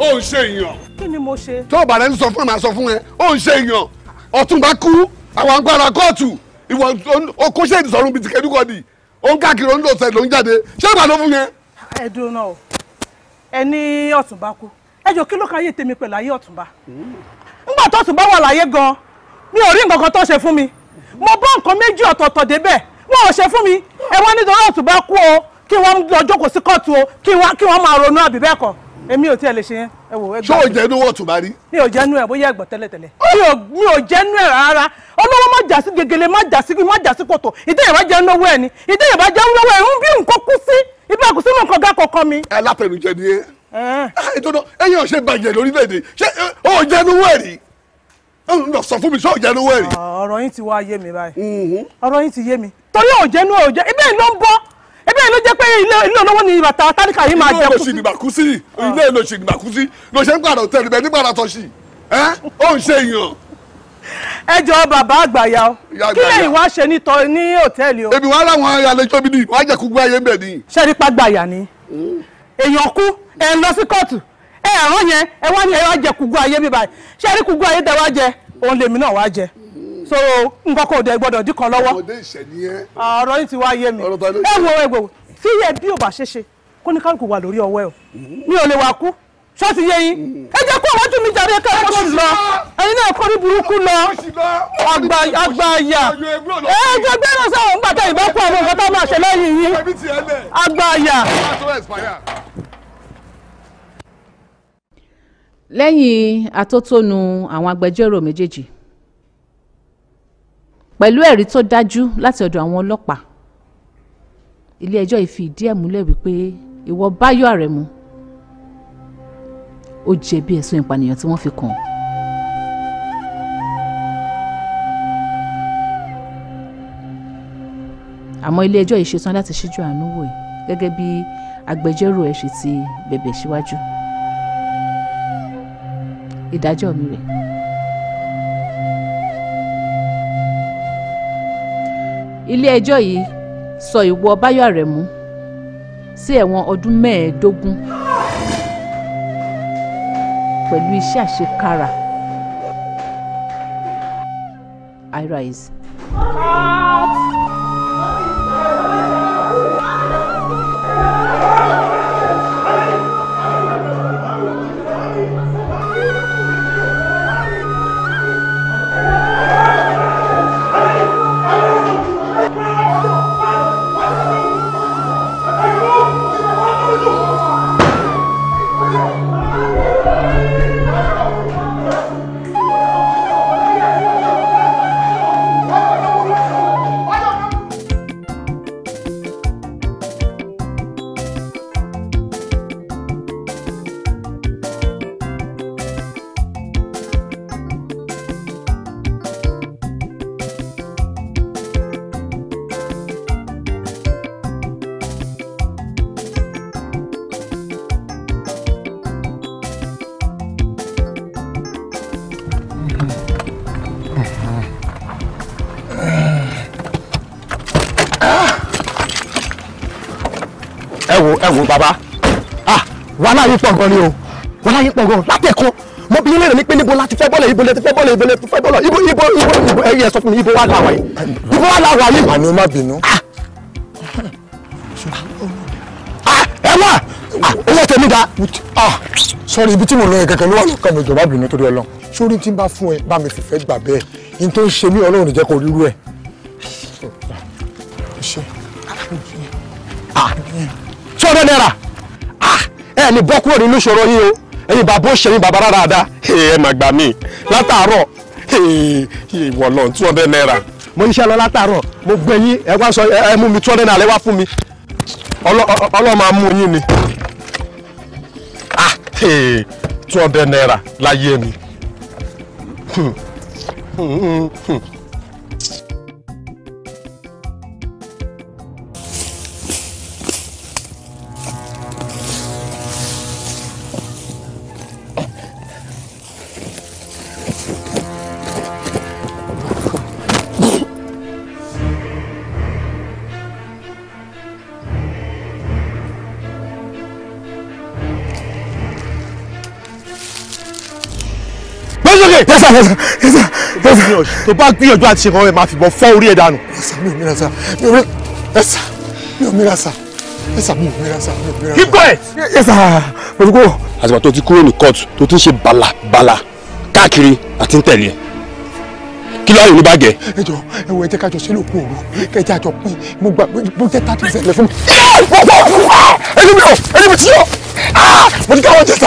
[SPEAKER 1] ó ń ṣe
[SPEAKER 6] èèyàn. o
[SPEAKER 1] bá rẹ ń sọ fún ẹ máa sọ fún ẹ ó ń ṣe èèyàn ọ̀túnba kú àwọn agbára kóòtù ìwọ okó ṣe ìdìsọ̀rùn bìtì kẹ́dúkọ̀dì ó ń káàkiri òun lòsẹ̀ ló ẹ
[SPEAKER 4] náà o ẹ ní ọ̀túnba kú ẹ jọ kí ló káyé tèmi pẹ̀lú ayé ọ̀túnba nígbà tó gan mi ò rí nǹkan tó ṣe mi mo bọ́ nǹkan méjì ọ̀tọ̀ọ̀tọ̀
[SPEAKER 1] débẹ̀ wọn ò ṣe fún mi ẹ nítorí kú o kí lọ jókòó sí kóòtù o kí wọ́n máa ronú èmi ò tiẹ̀ lè ṣe yẹn ẹ ṣé o jẹ́ inú wọ̀tún bá rí. mi ò jẹ́ inú ẹ̀ bóyá
[SPEAKER 4] ẹ̀gbọ́n tẹ́lẹ̀tẹ́lẹ̀ mi ò jẹ́ inú ẹ̀ rárá olówó má jà sí gegele má jà sí má jà sí kòtò ìdẹ́yẹ̀ bá jẹ́ lọ́wọ́ ẹ̀ ni ìdẹ́yẹ̀ bá jẹ́ lọ́wọ́ ẹ̀ ń bí nǹkan kú sí ibi àkùsí mọ̀ nǹkan gá kọ̀ọ̀kan mi.
[SPEAKER 1] ẹ látẹnujẹ ni ẹ ìtọ́nà ah, ẹ̀yin ò ṣe bàjẹ́ lórílẹ̀‐èdè ṣé o jẹ́ inú ẹ̀ rí lọ sọ fún mi sọ jẹnu wẹ̀rì.
[SPEAKER 4] Ah, ọ̀rọ̀ yín ti wá yé mi báyìí ọ̀rọ̀ yín
[SPEAKER 1] ti yé mi torí òjẹnu òjẹ ibẹ̀ ló ń ebi ẹ̀ ló jẹ́ pé ilé olówó ni bàtà tálíkà yìí máa jẹ kú sí. ilé olóṣìdìbà kú sí ilé olóṣìdìbà kú sí ló ṣe ń padà tẹ̀lé bẹ́ẹ̀ nígbà tó ṣì ẹ́ ó ń ṣe èèyàn. ẹ jọ bàbá àgbàyà o kí lẹ́yìn wá ṣe ní òtẹ́ẹ̀lì o. èmi wàá láwọn àyàlejò mi ni wàá jẹ kúgbẹ́ ayé mbẹ̀ ni. sẹ́rípà gbàyà ni
[SPEAKER 5] hmm.
[SPEAKER 4] èèyàn kú ẹ̀ ń lọ sí kóòtù ẹ̀ ẹ̀rọ yẹn ẹ wá ní ẹ wá jẹ kúgbẹ́ ayé mi báyìí sẹ́rí kúgbẹ́ ayé tẹ wá jẹ òun lèmi náà wá so nǹkan kò dẹ̀ gbọ́dọ̀ díkan lọ́wọ́
[SPEAKER 6] ọ̀rọ̀ yìí ti wá yé mi ẹ wo ẹ gbòòwò tí yẹ bí ò bá ṣe ṣe kó ní kálukú wà lórí ọwọ́ ẹ o
[SPEAKER 1] mm-hmm. mi ò lè
[SPEAKER 6] wà kú ṣọ́ọ̀tì yẹ yín mm-hmm. ẹ jẹ́ kó àwọn tún mi jàre ká ẹ kó lọ
[SPEAKER 1] ẹyin náà kó ní burúkú lọ àgbà àgbà àyà ẹ jẹ́ gbẹ́rẹ́ sọ̀rọ̀ nígbà tá ìbá kó àwọn nǹkan tá máa ṣe lẹ́yìn yín àgbà àyà.
[SPEAKER 7] lẹ́yìn atótónu àwọn agbẹjọ́rò méjèèjì pẹ̀lú ẹ̀rí tó dájú láti ọ̀dọ̀ àwọn ọlọ́pàá ilé-ẹjọ́ yìí fi ìdí ẹ̀ múlẹ̀ wípé ìwọ Báyọ̀ Àrẹ̀mú ó jẹ̀bi ẹ̀sùn ìpànìyàn tí wọ́n fi kàn án. àmọ́ ilé-ẹjọ́ yìí ṣetán láti ṣíjú àánú wò ẹ́ gẹ́gẹ́ bí agbẹjọ́rò ẹ̀ ṣe ti bẹ̀bẹ̀ síwájú ìdájọ́ mi rèé. ilé-ẹjọ́ yìí sọ ìwọ Báyọ̀ Àrẹ̀mú sí ẹ̀wọ̀n ọdún mẹ́ẹ̀ẹ́dógún pẹ̀lú iṣẹ́ àṣekára. I rise.
[SPEAKER 1] wo bàbá ah wàhálà yìí pọ̀ gan ni o wàhálà yìí pọ̀ gan látẹ̀kọ́ mo bí lérò ní pé níbo láti fẹ́ bọ́ọ̀lù ibo láti fẹ́ bọ́ọ̀lù ibo láti fẹ́ bọ́ọ̀lù ibo ibo ibo ibo ẹ̀rí ẹ̀ sọ fún mi ibo wà láwa yìí wà láwa yìí. àní má bínú. Ah. Ah, ẹ wá ah, owó tèmi da. sọrí ibi tí mo lọ yẹn kankan ló wà lọ́kàn mi ìjọba bínú torí Ọlọ́run sórí tí n bá fún ẹ bá mi fìfẹ́ gbà bẹ́ẹ̀ kúrò nínú ìṣòro yín o ẹ̀yin bàbá òṣèyìn bàbá ráráda ẹ mà gbà mí látàárọ̀ ìwọ lọ two hundred naira mo ṣiṣẹ́ lọ látàárọ̀ mo gbé yín ẹ wá sọ ẹ mú mi two hundred naira ẹ wá fún mi ọlọ́mọ amú yín ni ah, two hundred naira láyé mi. ẹ. yẹsà yẹsà yẹsà yẹsà. tó bá gbìyànjú àti ṣe kan rẹ máa fìbọn fọ́ orí ẹ dànù. yẹsà mi ò mìíràn sà mi ò mìíràn yẹsà mi ò mìíràn sà yẹsà mi ò mìíràn sà mi ò mìíràn sà. keep quiet. yẹsà olùkọ́. àtìgbà tó ti kúrò ní court tó ti ń ṣe bàlàbàlà káàkiri àti ń tẹ̀lé kí ló àrùn bàjẹ́. ẹ jọ ẹ wọ ẹ jẹ ká jọ sí lóko òru kẹ jẹ àjọ pín mo gba mo jẹ tá a ti ṣẹlẹ̀ fún mi. ẹni mi ò ẹni mi ti yọ mo ti ká wọn jẹ ta.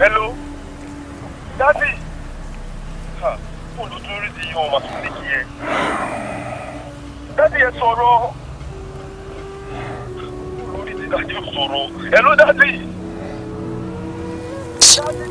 [SPEAKER 1] hello dadi olùdó rí ti yan ọmọ tó ní kí ẹ dadi ẹ sọ̀rọ̀
[SPEAKER 5] olórí ti dadi ò sọ̀rọ̀
[SPEAKER 1] hello Daddy. dadi.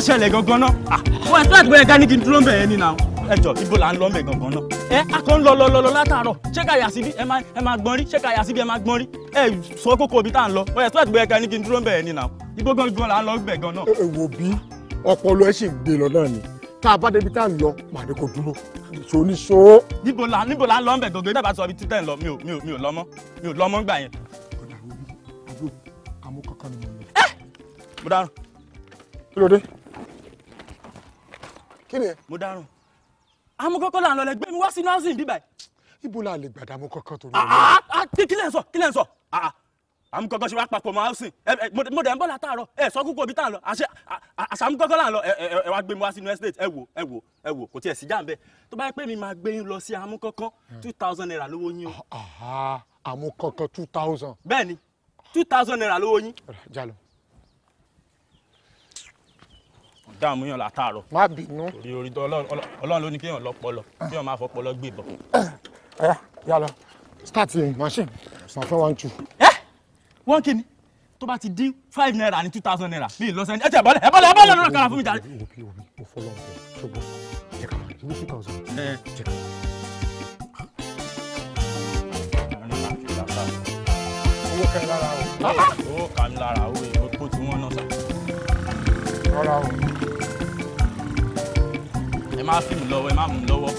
[SPEAKER 1] ṣẹlẹ̀ gangan náà. Ah, wọ́n ẹ̀ tó àtúbọ̀ yẹn ká ní kí n dúró ń bẹ̀ yẹn ní náà ẹ jọ ibo la ń lọ mẹ gangan náà. ẹ akọ ń lọ lọ lọ lọ látàárọ̀ ṣé ká yàsí bí ẹ máa ẹ máa gbọ́n rí ṣé ká yàsí bí ẹ máa gbọ́n rí ẹ sọ kókó ibi tá à ń lọ ọ yẹ tó àtúgbò ẹka ní kí n dúró ń bẹ̀rẹ̀ nínà ibo gan gan la ń lọ bẹ̀ gan náà. ẹ wo bí ọpọlọ ẹ sì ń gbé lọ náà ni tá a bá débi tá à ń lọ pàdé kò dúró so ní so. níbo la níbo la ń lọ bẹ̀ gangan dábàá sọ ibi títẹ̀ ń lọ mi ò mi ò mi ò lọ́mọ mi ò lọ́mọ gbà yẹn. bùdá kí ni ẹ. mo dárùn amukọkọ là ń lọ lẹ gbé mi wá sínú housing bíbá. ibo la lè gbàdá amukọkọ tó lọ. kí lẹ́ ń sọ kí lẹ́ ń sọ amukọkọ ah, ah, ṣe wá papọ̀ mọ́ housing mo dẹ̀ ń bọ̀ látàárọ̀ ẹ sọ kúkú omi tá à ń lọ àṣẹ amukọkọ là ń lọ ẹ wá gbé mi wá sínú estate ẹ wò ẹ wò ẹ wò kò tiẹ̀ sí jàǹbẹ́ tó bá yẹ pé mi máa gbé yín lọ sí amukọkọ hmm. two thousand naira lówó yín o. amukọkọ ah, two thousand. bẹ́ẹ̀ni two thousand naira lówó yín. jalo dààmú yàn látàárọ̀. má bínú. torí orí tó ọlọ́run ló ní kéèyàn lọ́pọlọ kéèyàn máa fọpọlọ gbé bọ̀. [COUGHS] ẹ yà lọ start yẹn machine san fẹ́ one two. ẹ wọ́n kí ni tó bá ti dín five naira ní two thousand naira mi lọ sẹ́ni ẹ tẹ̀ bọ́lẹ̀ ẹ bọ́lẹ̀ ẹ bọ́lẹ̀ lọ́dọ̀ kan fún mi jàre.
[SPEAKER 5] ẹ
[SPEAKER 4] jẹ́ ká
[SPEAKER 1] owó kẹ lára o. owó kà mí lára o èèyàn kó tí wọ́n náà sá.
[SPEAKER 2] rárá o
[SPEAKER 1] ẹ má fìmù lọ́wọ́ ẹ má mú lọ́wọ́.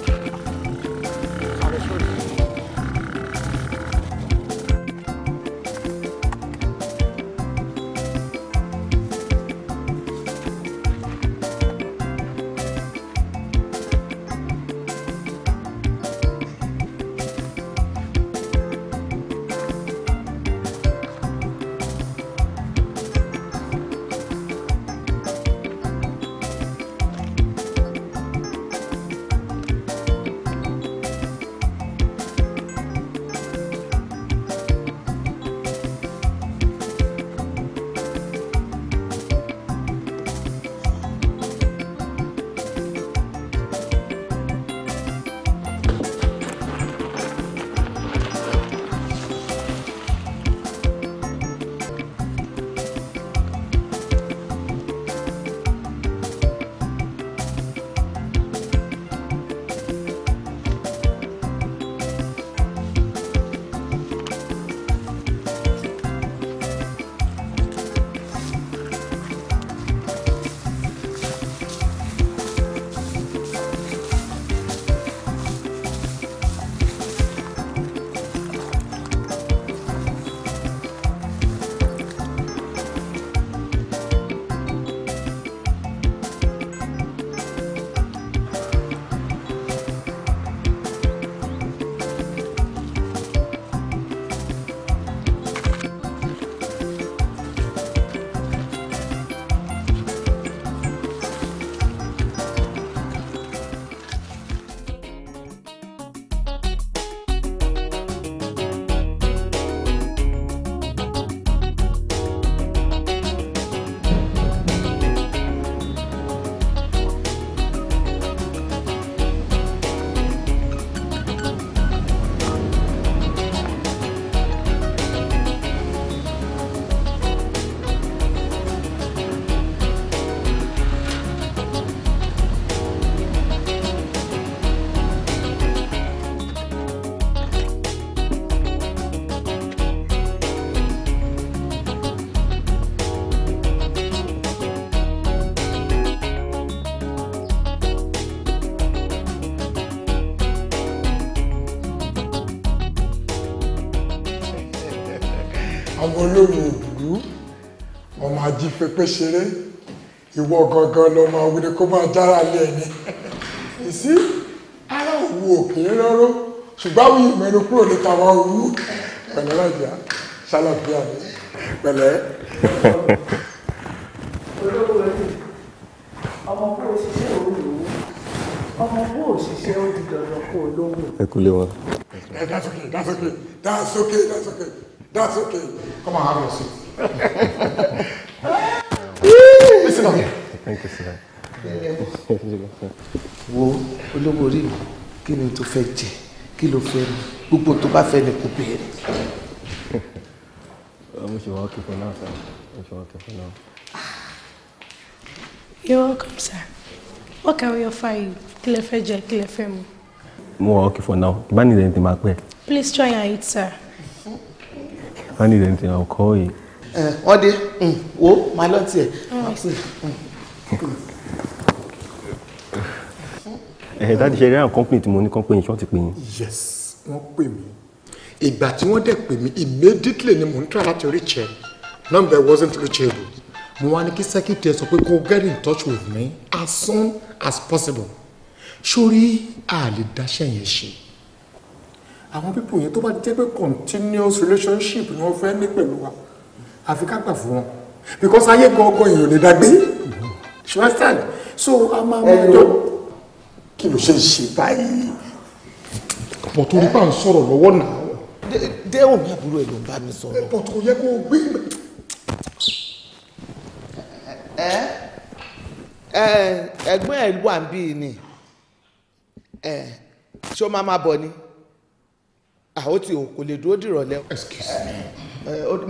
[SPEAKER 1] jí pépé ṣeré ìwọ gangan lọmọ òwúrẹ kó máa jára lé ẹni ìsí ara òwú òkè rọrọ ṣùgbọ́n àwọn èèyàn mẹ́rin kúrò ní tàwa òwú pẹ̀lẹ́ lọ́jà ṣàlàfíà mi pẹ̀lẹ́. that's okay that's okay that's okay that's okay that's okay
[SPEAKER 2] come on have your seat.
[SPEAKER 1] orí mi kí ni tó fẹ́ jẹ kí ló fẹ́ mi gbogbo tó bá fẹ́ ni kò béèrè.
[SPEAKER 2] mo ṣe wá kẹfọ náà sir mo ṣe wá kẹfọ náà.
[SPEAKER 6] You're welcome, sir. What can we offer you? Kí lẹ fẹ́ jẹ, kí lẹ fẹ́ mu.
[SPEAKER 3] Mo wà okay for now. If I need anything, máa pè.
[SPEAKER 6] Please try and eat, sir.
[SPEAKER 3] If I need anything, I'll call you.
[SPEAKER 4] Ẹ wọ́n dé wo màá lọ́ọ̀tì ẹ̀ máa pè. Hmm
[SPEAKER 3] ẹ eh, dáàdi ṣe rí àwọn company tí mo ní company ṣọ́ọ̀tì pé yín. yes
[SPEAKER 1] wọ́n pè mí ìgbà tí wọ́n dẹ̀ pè mí immediately ni mò ń try láti reach ẹ number wasn't reachable mo wá ní kí secretary sọ pé kó get in touch with me as soon as possible sórí a lè dáṣẹ́ yẹn ṣe àwọn pípò yẹn tó bá jẹ́ pé continuous relationship ni wọ́n fẹ́ ní pẹ̀lú wa àfi ká gbà fún wọn because ayé gangan èèyàn lè dá gbé ṣùgbọ́n so a máa mú ọjọ́ kí ló ṣe ń ṣe báyìí ọ̀pọ̀ tó ń bá ń sọ̀rọ̀ lọ́wọ́ náà. dẹ́wọ̀n mi àbúrò ẹ̀ ló ń bá mi sọ̀rọ̀. ẹ̀pọ̀ tó yẹ kó o gbé. ẹ ẹ ẹ̀gbọ́n ẹ̀ wà ń bí ni ẹ ṣé ó máa máa bọ̀ ni àwọn tí o kò lè dúró dìrọ̀lẹ́. excuse me.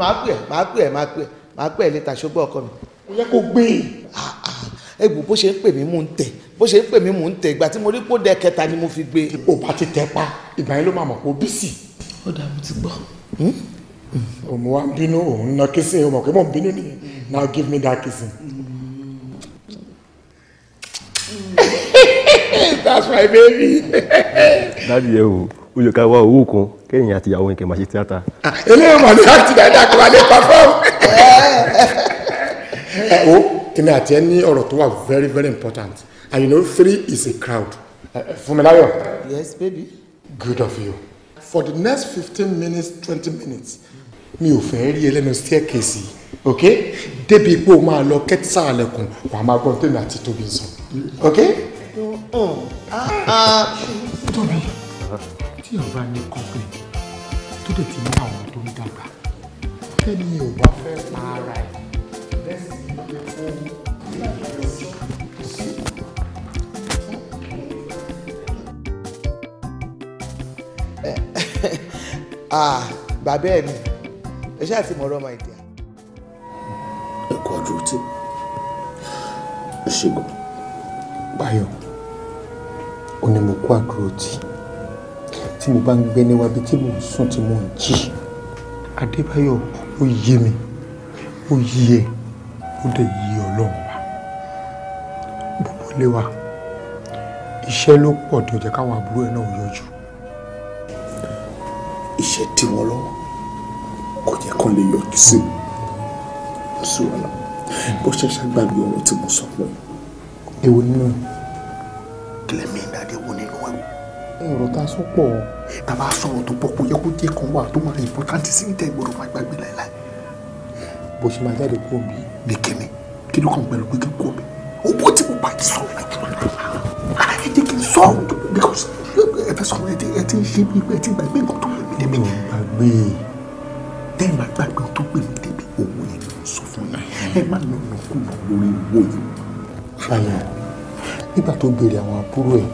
[SPEAKER 1] máa pè ẹ́ máa pè ẹ́ máa pè ẹ́ máa pè ẹ́ létà ṣùgbọ́n ọkọ mi. ó yẹ kó gbé. ẹ gbọ́ bó ṣe ń pè mí mú un tẹ̀ bó ṣe ń pè mí mò ń tẹ ìgbà tí mo rí pò dẹ kẹta ni mo fi gbé. o bá ti tẹ pa ìgbà yẹn ló máa mọ̀ pé o
[SPEAKER 5] ó dà ti gbọ́.
[SPEAKER 1] òun hmm? hmm. wa ń bínú òun ná kissing òun mọ̀ pé mò ń bínú nìyẹn now give me that kissing. [LAUGHS] that's my baby.
[SPEAKER 2] [LAUGHS] dábìí ẹ o ó yẹ ká wá owó kan kẹ́yìn àti ìyàwó ìkẹ́ máa ṣe tíátà. Ah,
[SPEAKER 1] eléyìí mà ní àti dáadáa kò wá lè perform. [LAUGHS] ẹ o tèmi àti ẹ ní ọ̀rọ̀ tó wà very very important. And you know, three is a crowd. Uh, eh, eh, Fumilayo.
[SPEAKER 4] Yes, baby.
[SPEAKER 1] Good of you. For the next 15 minutes, 20 minutes, mi ò fẹ́ rí ẹlẹ́nu staircase yìí, ok? Débi pé o máa lọ kẹ́tí sàlẹ̀kùn, wà á máa gbọ́n tèmi àti Tóbi sọ, ok? Tóbi, tí o bá ní kọ́pẹ́ tó dẹ̀ ti ní àwọn tó ń dàgbà, kẹ́ni ò bá fẹ́ pa ara ẹ̀. ah bàbá ẹ̀ mi ẹ ṣáà ti mọ ọ̀rọ̀ máa dìá. ẹ kú ọdún tí ṣègùn báyọ̀ ó ní mo kú àdúró tí tí mo bá ń gbé níwájú tí mò ń sùn tí mò ń jí adébáyọ̀ ó yé mi ó yí ẹ ó dẹ̀ yí ọlọ́run wa gbogbo lé wa iṣẹ́ ló pọ̀ tó jẹ́ káwọn àbúrò ẹ̀ náà yọjú iṣẹ́ dí wọn lọ́wọ́ kò yẹ kán lè yọjú sí i sí wàhálà bó ṣe ṣàgbàgbé ọ̀rọ̀ tí mo sọ fún ẹ. ewu nínú kìlẹ̀mí ìdáde wo nínú ẹ̀. ọ̀rọ̀ tá a sọ pọ̀. tá a bá sọ̀rọ̀ tó pọ̀ kò yẹ kó jẹ́ kan wà tó máa important sí ní tẹ̀gbọ́dọ̀ máa gbàgbé láìláì. bó ṣe máa jáde kúrò bí. bí kíni kí ló kàn pẹ̀lú pé kí n kúrò bí. owó tí mo bá ti sọ̀rọ̀ láìpẹ́ ẹ jẹ́ kí n sọ̀rọ̀ because ẹ fẹ́ sọ̀rọ̀ ẹ ti ń ṣe bí èmi ò gbàgbé e. tẹ́ ẹ̀ bá gbàgbé tó gbé mi débi owó yẹn ni mo sọ fún yín ẹ má lọ lọ kú lọ lórí owó yìí. ṣayọ nígbà tó béèrè àwọn àbúrò ẹ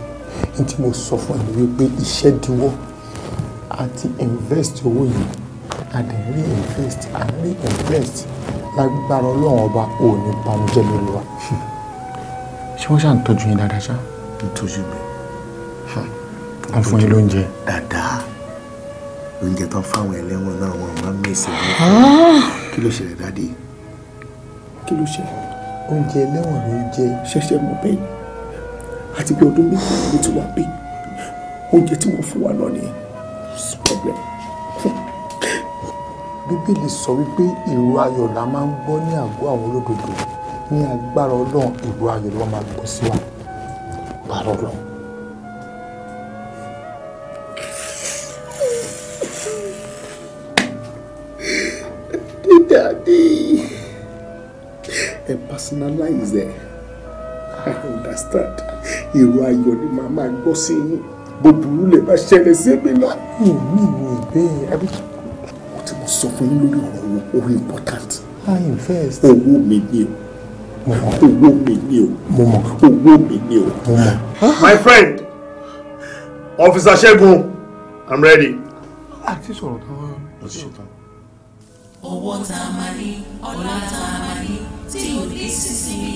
[SPEAKER 1] ní tí mo sọ fún ẹ ni wípé iṣẹ́ diwọ́ àti invest owó yìí and reinvest and reinvest lágbára ọlọ́run ọba ò ní banújẹ́ lórí wa. ṣé wọ́n ṣàǹtọ́jú yín dáadáa ṣá. ìtọ́jú mi. wọ́n fún yín lóúnjẹ. dáadáa oúnjẹ tán fáwọn ẹlẹ́wọ̀n náà wọn máa ń mèsì wọn. kí ló ṣẹlẹ̀ dáadé. kí ló ṣẹlẹ̀ oúnjẹ ẹlẹ́wọ̀n ló ń jẹ ṣẹ̀ṣẹ̀ mọ́ bẹ́ẹ̀ àti bí ọdún méjì ló ti wá bí oúnjẹ tí wọ́n fún wa lọ nìyẹn problem. bíbélì sọ wípé ìró ayọ̀ la máa ń gbọ́ ní àgọ́ àwọn olódodo ní agbára ọlọ́run ìró ayọ̀ ló máa gbọ́ sí wa bàrọ̀ ọlọ́run. personalize ẹ̀ I understand èrò ayọ̀ ni màá máa gbọ́ sí yín bó burú lè bá ṣẹlẹ̀ sí mi lọ. èmi ò bẹ́ẹ̀ àbí. mo ti mọ sọ fún yín lórí ọ̀rọ̀ owó owó important. I invest. owó mi ni o owó mi ni o owó mi ni o. my friend officer Ṣẹ́gun i'm ready. àti sọ̀rọ̀ tán.
[SPEAKER 5] ọwọ́ tá a máa ní ọlá tá a máa ní tí ò ní sísinmi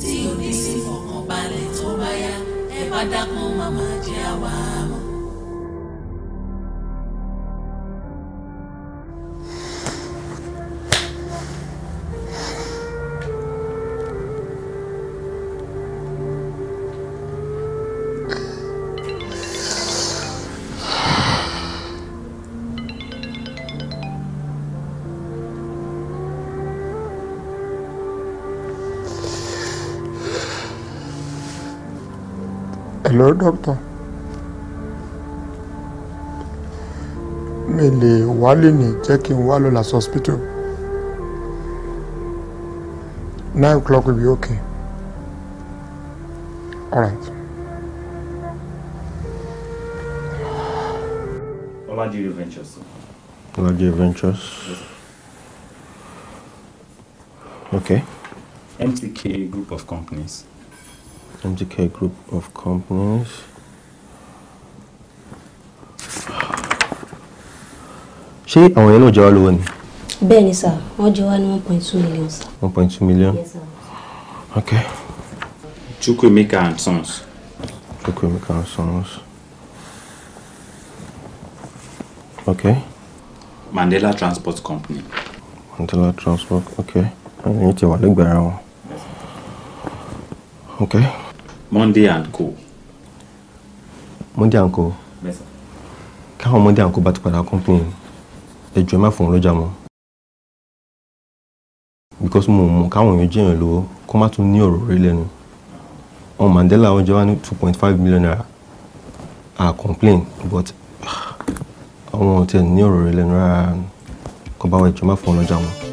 [SPEAKER 5] tí ò ní sí fọkànbalẹ̀ tó bá yá ẹ bá dákun má má jẹ́ àwa.
[SPEAKER 1] lọ dókítà mi lè wálé ní jẹ́ kí n wá lọ́la hospital nine o'clock will be okay
[SPEAKER 2] all right.
[SPEAKER 3] Oladiri Ventures.
[SPEAKER 2] Oladiri Ventures. Okay.
[SPEAKER 3] MTK group of companies.
[SPEAKER 2] MTK Group of Companies.
[SPEAKER 3] ṣé àwọn yẹn náà jẹ́ wá lówó ni.
[SPEAKER 6] bẹ́ẹ̀ ni sà wọ́n jẹ́ wá ní one point two million sà.
[SPEAKER 3] one point two million. yes sir. okay. Chukwemeka and Sons. Chukwemeka and Sons. okay. Mandela Transport Company. Mandela Transport okay. ẹ̀yin ti wà lẹ́gbẹ̀ẹ́ ara wọn. okay. Monday and Co. Monday and Co. káwọn Monday and Co bá ti padà complain ẹ jọ̀ọ́ ẹ má fún un lọ́jà mọ́ because mo mọ̀ káwọn èèyàn jẹ́yàn lówó kó má tún ní ọ̀rọ̀ rí lẹ́nu ọmọ Mandela wọn jẹ wá ní two point five million naira A complain but ah,
[SPEAKER 2] àwọn ò tẹ̀ ní ọ̀rọ̀ rí lẹ́nu rárá kó bá wa ẹ má fún lọ́jà mọ́.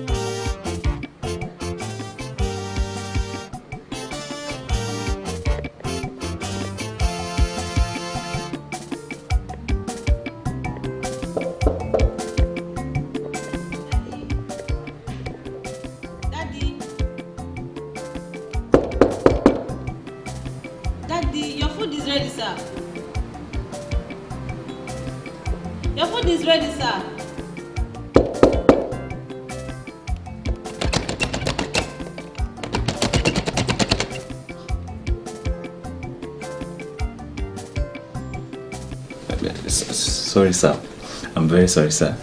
[SPEAKER 3] sorry sir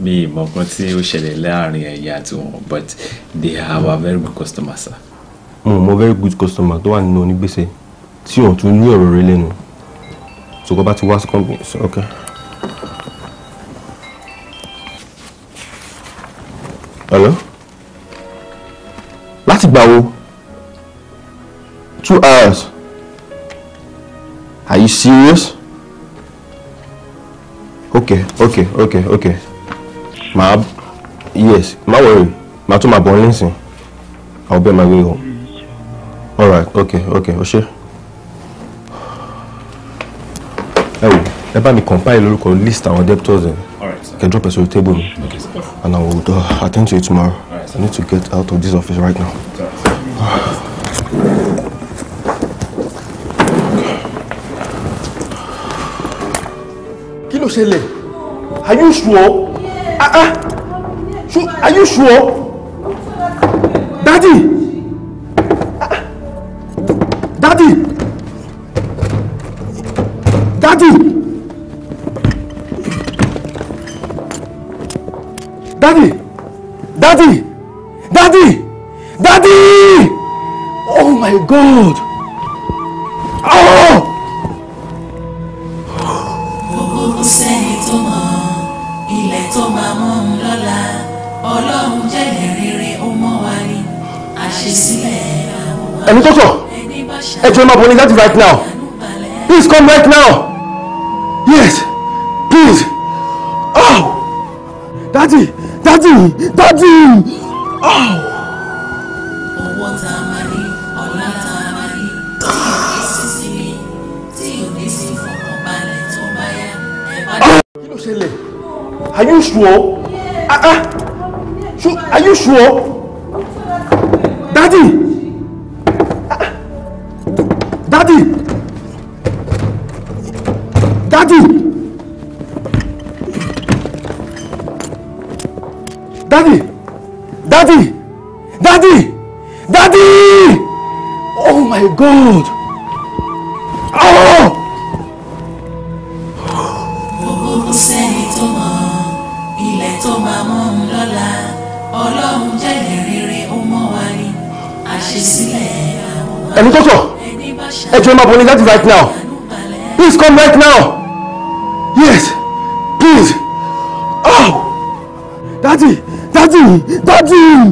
[SPEAKER 3] mi ìmọ̀ kan tí ó ṣẹlẹ̀ láàrin ẹ̀yà àti wọn but they have a very good customer sir. mo very good customer tó wà nínú onígbèsè tí òun tún ní ọ̀rọ̀ rẹ lẹ́nu ṣùgbọ́n bá ti wá sí company ok. hello láti gbà wo two hours are you serious okay okay okay okay Ma, yes Ma worry Ma tún máa bọ̀ ọ́nlẹ́ sìn I'll be my way home all right okay okay o ṣe. ẹ wò ẹ bá mi compile lórúkọ list àwọn debtors ẹ kẹ drop ẹ sórí table mi and I will uh, attend to you tomorrow right, I need to get out of this office right now. Sorry.
[SPEAKER 1] [SIGHS] kí ló ṣẹlẹ̀ Are you sure? Yes. Ah, ah. Sure, are you sure?
[SPEAKER 5] Daddy! Ah, ah, daddy! Daddy!
[SPEAKER 1] Daddy! Daddy!
[SPEAKER 5] Daddy! Daddy! Oh my God! ẹ̀mí tó sọ ẹ̀jọ̀ máa
[SPEAKER 1] bọ̀ láti right now please come right now yes please oh daddy daddy daddy oh. owó tá a are you sure? Yeah. Uh ah. -uh. are you sure? daddy. my God!
[SPEAKER 5] Oh! Òkúkú sẹ́ni tó mọ̀ ilẹ̀ tó máa mọ́ ń lọ́la ọlọ́run jẹ́lẹ̀ rere ó mọ́ wa ni àṣesílẹ̀
[SPEAKER 1] àwọn. Ẹ̀mí tó sọ̀, ẹ̀jọ̀ máa bọ̀ láti right now. Please come right now. Yes, please. Oh! Daddy, daddy, daddy!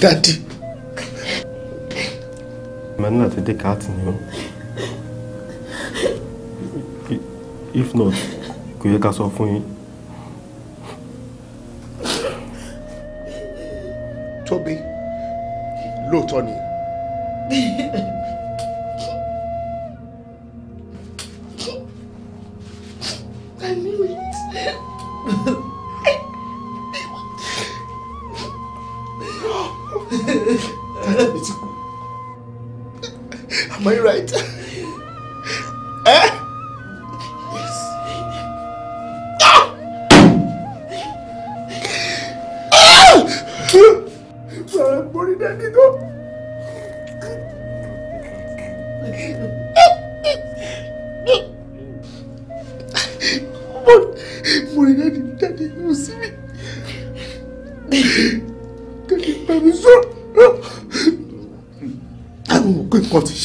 [SPEAKER 1] dádì.
[SPEAKER 3] emmanuel ti dé káàtì ni o if not could you ká off fún yín.
[SPEAKER 1] tóbi lóòótọ́ ni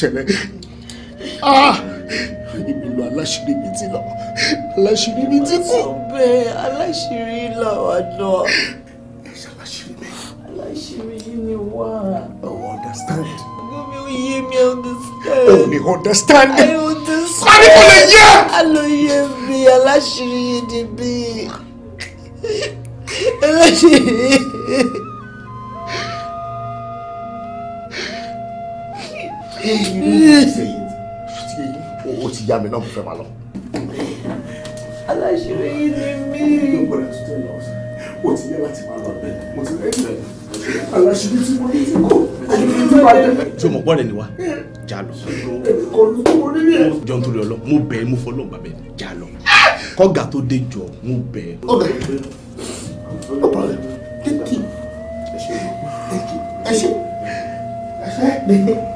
[SPEAKER 1] ṣẹlẹ̀ ah! ìbílò aláṣírí mi ti lọ
[SPEAKER 4] aláṣírí mi ti kú. bẹ́ẹ̀ aláṣírí làwa náà. ẹ ṣe aláṣírí mi. aláṣírí ni wá. oh understand. gómìn ò yé mi understand. ò ní
[SPEAKER 1] understand. I understand. wọ́n ní kò lè yẹ.
[SPEAKER 4] a lọ yé mi aláṣírí yìí ni bí aláṣírí.
[SPEAKER 1] náà mo fẹ́ máa lọ. aláṣìírí yìí ni mí. ló gbọ́dọ̀ tó tẹ̀lé ọ̀sán o ti yẹ láti máa lọ bẹ́ẹ̀ mo ti rẹ́ ìlẹ̀ aláṣìírí tí mo ní ti kó àyíké tí wàá o mọ̀ gbọ́dọ̀ ni wa já lọ. kò ní kó o nílé. jọ̀ọ́ nítorí ọlọ́ mo bẹ̀ mo fọ́ lọ́ọ̀ bàbẹ̀ já lọ kọ́gà tó dé jọ mo bẹ̀. ọ̀gá ọ̀gá thank you ẹ ṣe ẹ ṣe ẹ ṣe.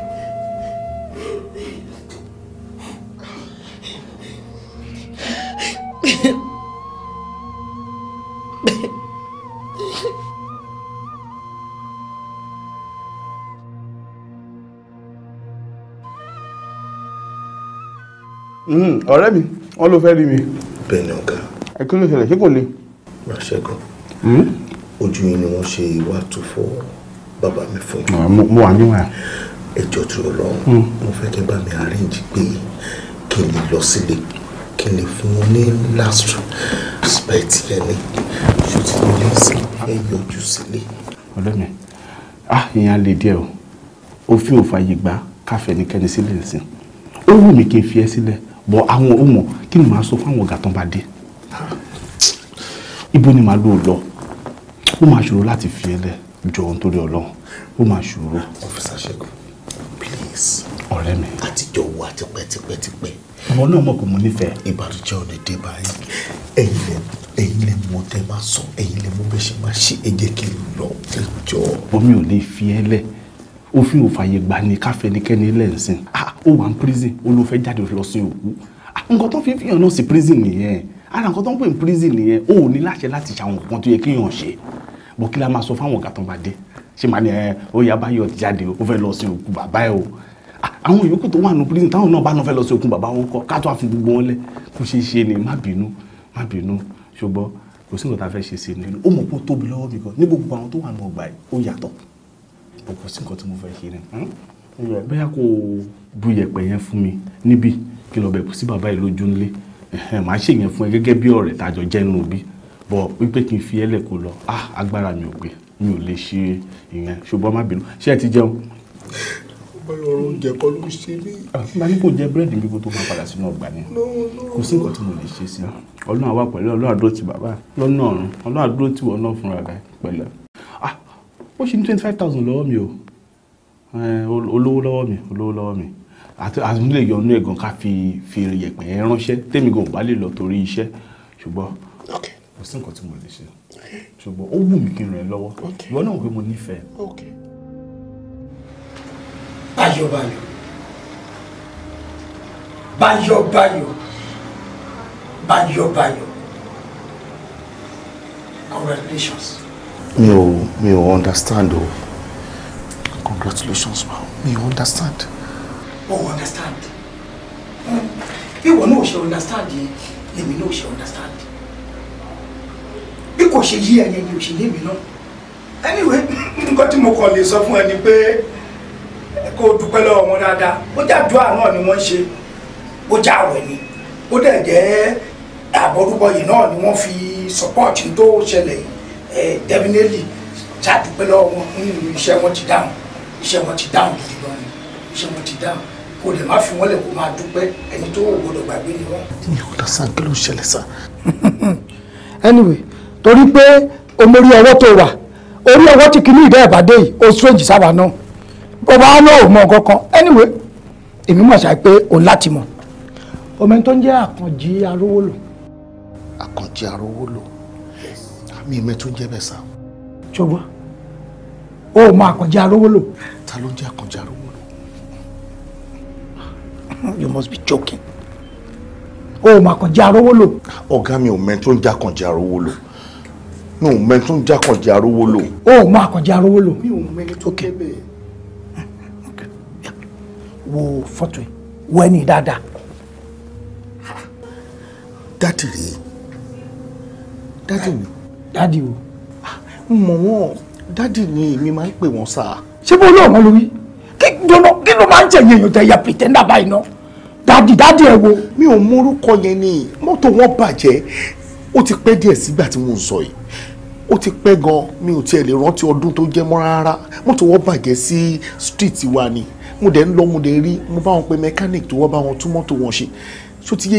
[SPEAKER 1] Hmm, ọ̀rẹ́ mi wọ́n ló fẹ́ rí mi. bẹ́ẹ̀ ni ọ̀gá. ẹ kí ló ṣẹlẹ̀ ṣé kò le.
[SPEAKER 5] ràṣẹ́gun hmm?
[SPEAKER 1] ojú yín ni wọ́n ṣe ìwà tó fọ́ bàbá mi fún mi. Ah, mo wà níwọ̀n. ẹjọ́ tó lọ hmm. mo fẹ́ kí bá mi arrange pé kí n lè lọ sílé kí n lè fún wọn ní last respect yẹn ni ṣùtì mi lè sí ẹ yọjú sílé. ọ̀rẹ́ mi ah ìyẹn á le díẹ̀ o òfin ò fààyè gbà káfẹ́ ní kẹ́ni sílẹ̀ sí i ó wù mí kí n fi ẹ́ sílẹ̀ bọ̀ àwọn ò mọ̀ kí ni màá sọ fáwọn ọ̀gá tán bá dé ibo ni màá lò lọ ó máa ṣòro láti fi ẹlẹ jọ ohun torí Ọlọ́run ó máa ṣòro. ọfíìsà Ṣẹ́gun please. ọ̀rẹ́ mi. àtijọ́ wo àti pẹ́tipẹ́tipẹ́. ọmọ náà mọ̀ pé mo nífẹ̀ẹ́. ìbànújẹ́ ò ní dé báyìí ẹ̀yin lè ẹ̀yin lè mọ tẹ́ máa sọ ẹ̀yin lè mọ bẹ́ẹ̀ ṣe máa ṣe é jẹ́ kí n lọ ẹjọ́. bọ́mi ò lè fi ẹ́ òfin ò fàyè gbà ní káfẹ́nikẹ́ni lẹ́sìn ah, ó wà ní prison ó ló fẹ́ jáde lọ sí òkú ah, nǹkan tó fi fihàn náà sí prison nìyẹn ara nǹkan tó ń pè ní prison nìyẹn ó ò ní láṣẹ láti ṣàwọn nǹkan tó yẹ kéèyàn ṣe bó kí la máa sọ fáwọn ọ̀gá tó ń bá dé ṣé màá ní ẹ ó yá báyọ̀ ti jáde ó fẹ́ lọ sí òkú bàbá ẹ o ah, àwọn yòókù tó wà ní prison táwọn náà bá náà fẹ́ lọ sí òkú bàbá wọn kọ ká àfi gbogbo wọn lẹ kó ṣe ṣe ni má bínú má bínú ṣùgbọ́n kò sí nǹkan tá a fẹ́ ṣe sí ni ó mọ̀ pé ó tóbi lọ́wọ́ mi gan ní gbogbo àwọn tó wà ní ọgbà yìí ó yàtọ̀ o kò sí nǹkan tí mo fẹ́ ṣe ni hmm? bóyá kò bu yẹ̀pẹ̀ yẹn fún mi níbí kí n lọ bẹ̀ kú sí bàbá yìí lójú ńlé màá ṣe yẹn fún ẹ gẹ́gẹ́ bí ọ̀rẹ́ tàjọ jẹ́ nínú bí bọ̀ wípé kí n fi ẹlẹ̀ kó lọ ah agbára mi ò pé mi ò lè ṣe ìyẹn ṣùgbọ́n má bínú ṣé ẹ ti jẹun. ọlọ́run oúnjẹ ló ń ṣe mí. máa ah, ní kò jẹ búrẹ́dì níbi tó máa padà sínú ọgbà ni ọlọ́run àwa pẹ̀lú ọlọ́run àdúró ti bàbá lọ́nà ọlọ́run àdúró ti wọ́n náà fúnra rẹ̀ pẹ̀lẹ́ ó ṣì ní twenty five thousand lọ́wọ́ mi o olówó lọ́wọ́ mi olówó lọ́wọ́ mi àtúndínlẹ̀ yọnu ẹ̀gàn ká fi fi yẹ̀pẹ̀ ránṣẹ́ tèmi gan ò bá lè lọ torí iṣẹ́ ṣùgbọ́n kò sí nǹkan tí mo lè ṣe ṣùgbọ́n ó wù mí kí n ràn ẹ́ lọ́wọ́ ìwọ náà wò pé mo nífẹ̀ẹ́. báyọ̀báyọ̀ báyọ̀báyọ̀ báyọ̀báyọ̀ congratulations. Me, ò mi ò understand oh! congratulations ma Me ò understand. oh, understand bí will know she understand yẹn lèmi know she understand Because she ṣe yí ẹyẹ ni ò ṣe lémi anyway got him mo kàn lè sọ fún pay. ni pé kó o dúpẹ́ lọ́wọ́ wọn dáadáa ó jẹ́ àdúrà náà ni wọ́n ṣe ó jẹ́ àwẹ̀ ni ó dẹ̀ jẹ́ àbọ̀rúbọyè náà ni wọ́n fi support tó ṣẹlẹ̀ yìí definitely ṣàdúpẹ́ lọ́wọ́ wọn nínú iṣẹ́ wọn ti dáhùn iṣẹ́ wọn ti dáhùn gidi gan ni iṣẹ́ wọn ti dáhùn kò lè má fi wọ́n lẹ̀ kó máa dúpẹ́ ẹni tó wò gbọdọ̀ gbàgbé ni wọ́n. ní ọ̀dà sàn kí ló ṣẹlẹ̀ sàn. [LAUGHS] anyway torí pé omori ọwọ́ tó wà orí ọwọ́ tí kìíní ìdá ìbàdé yìí ó strange sábà náà bàbá náà ò mọ kankan anyway èmi mọ̀ ṣáà pé o láti mọ̀ ọmọ ẹni tó ń jẹ́ àkànjí arówólò. àkànjí arówólò mi ìmẹ́ tó ń jẹ́ bẹ́ẹ̀ sá. ṣọgbọ́n o ò mọ àkànjá arówó lò. ta ló ń jẹ́ àkànjá arówó lò. you must be joking. o ò mọ àkànjá arówó lò. ọ̀gá mi ò mẹ́ tó ń jẹ́ àkànjá arówó lò mi ò mẹ́ tó ń jẹ́ arówó lò. o ò mọ àkànjá arówó lò. mi ò mẹ́ni tó kẹ́ bẹ́ẹ̀. wo fọ́tò wo ẹni dáadáa. dátì rèé dádì o ah, mọ̀ wọ́n dádì ni èmi máa ń pè wọ́n sáà. ṣé bó lóò wọ́n lórí kí ló máa ń jẹ̀yìn èèyàn jẹ̀yà pìtẹ́ndà báyìí náà dádì dádì ẹ wo. mi ò mú orúkọ yẹn ni mọ́tò wọn bàjẹ́ ó ti pẹ́ díẹ̀ sígbà tí mo ń sọ yìí ó ti pẹ́ gan mi ò tiẹ̀ lè rántí ọdún tó jẹ́ mọ́ rárá mọ́tò wọn bàjẹ́ sí street wa ni mo dẹ̀ ń lọ mo dẹ̀ rí mo bá wọn pe mechanic tó wá bá wọn tún mọ́tò wọn ṣe so ti yé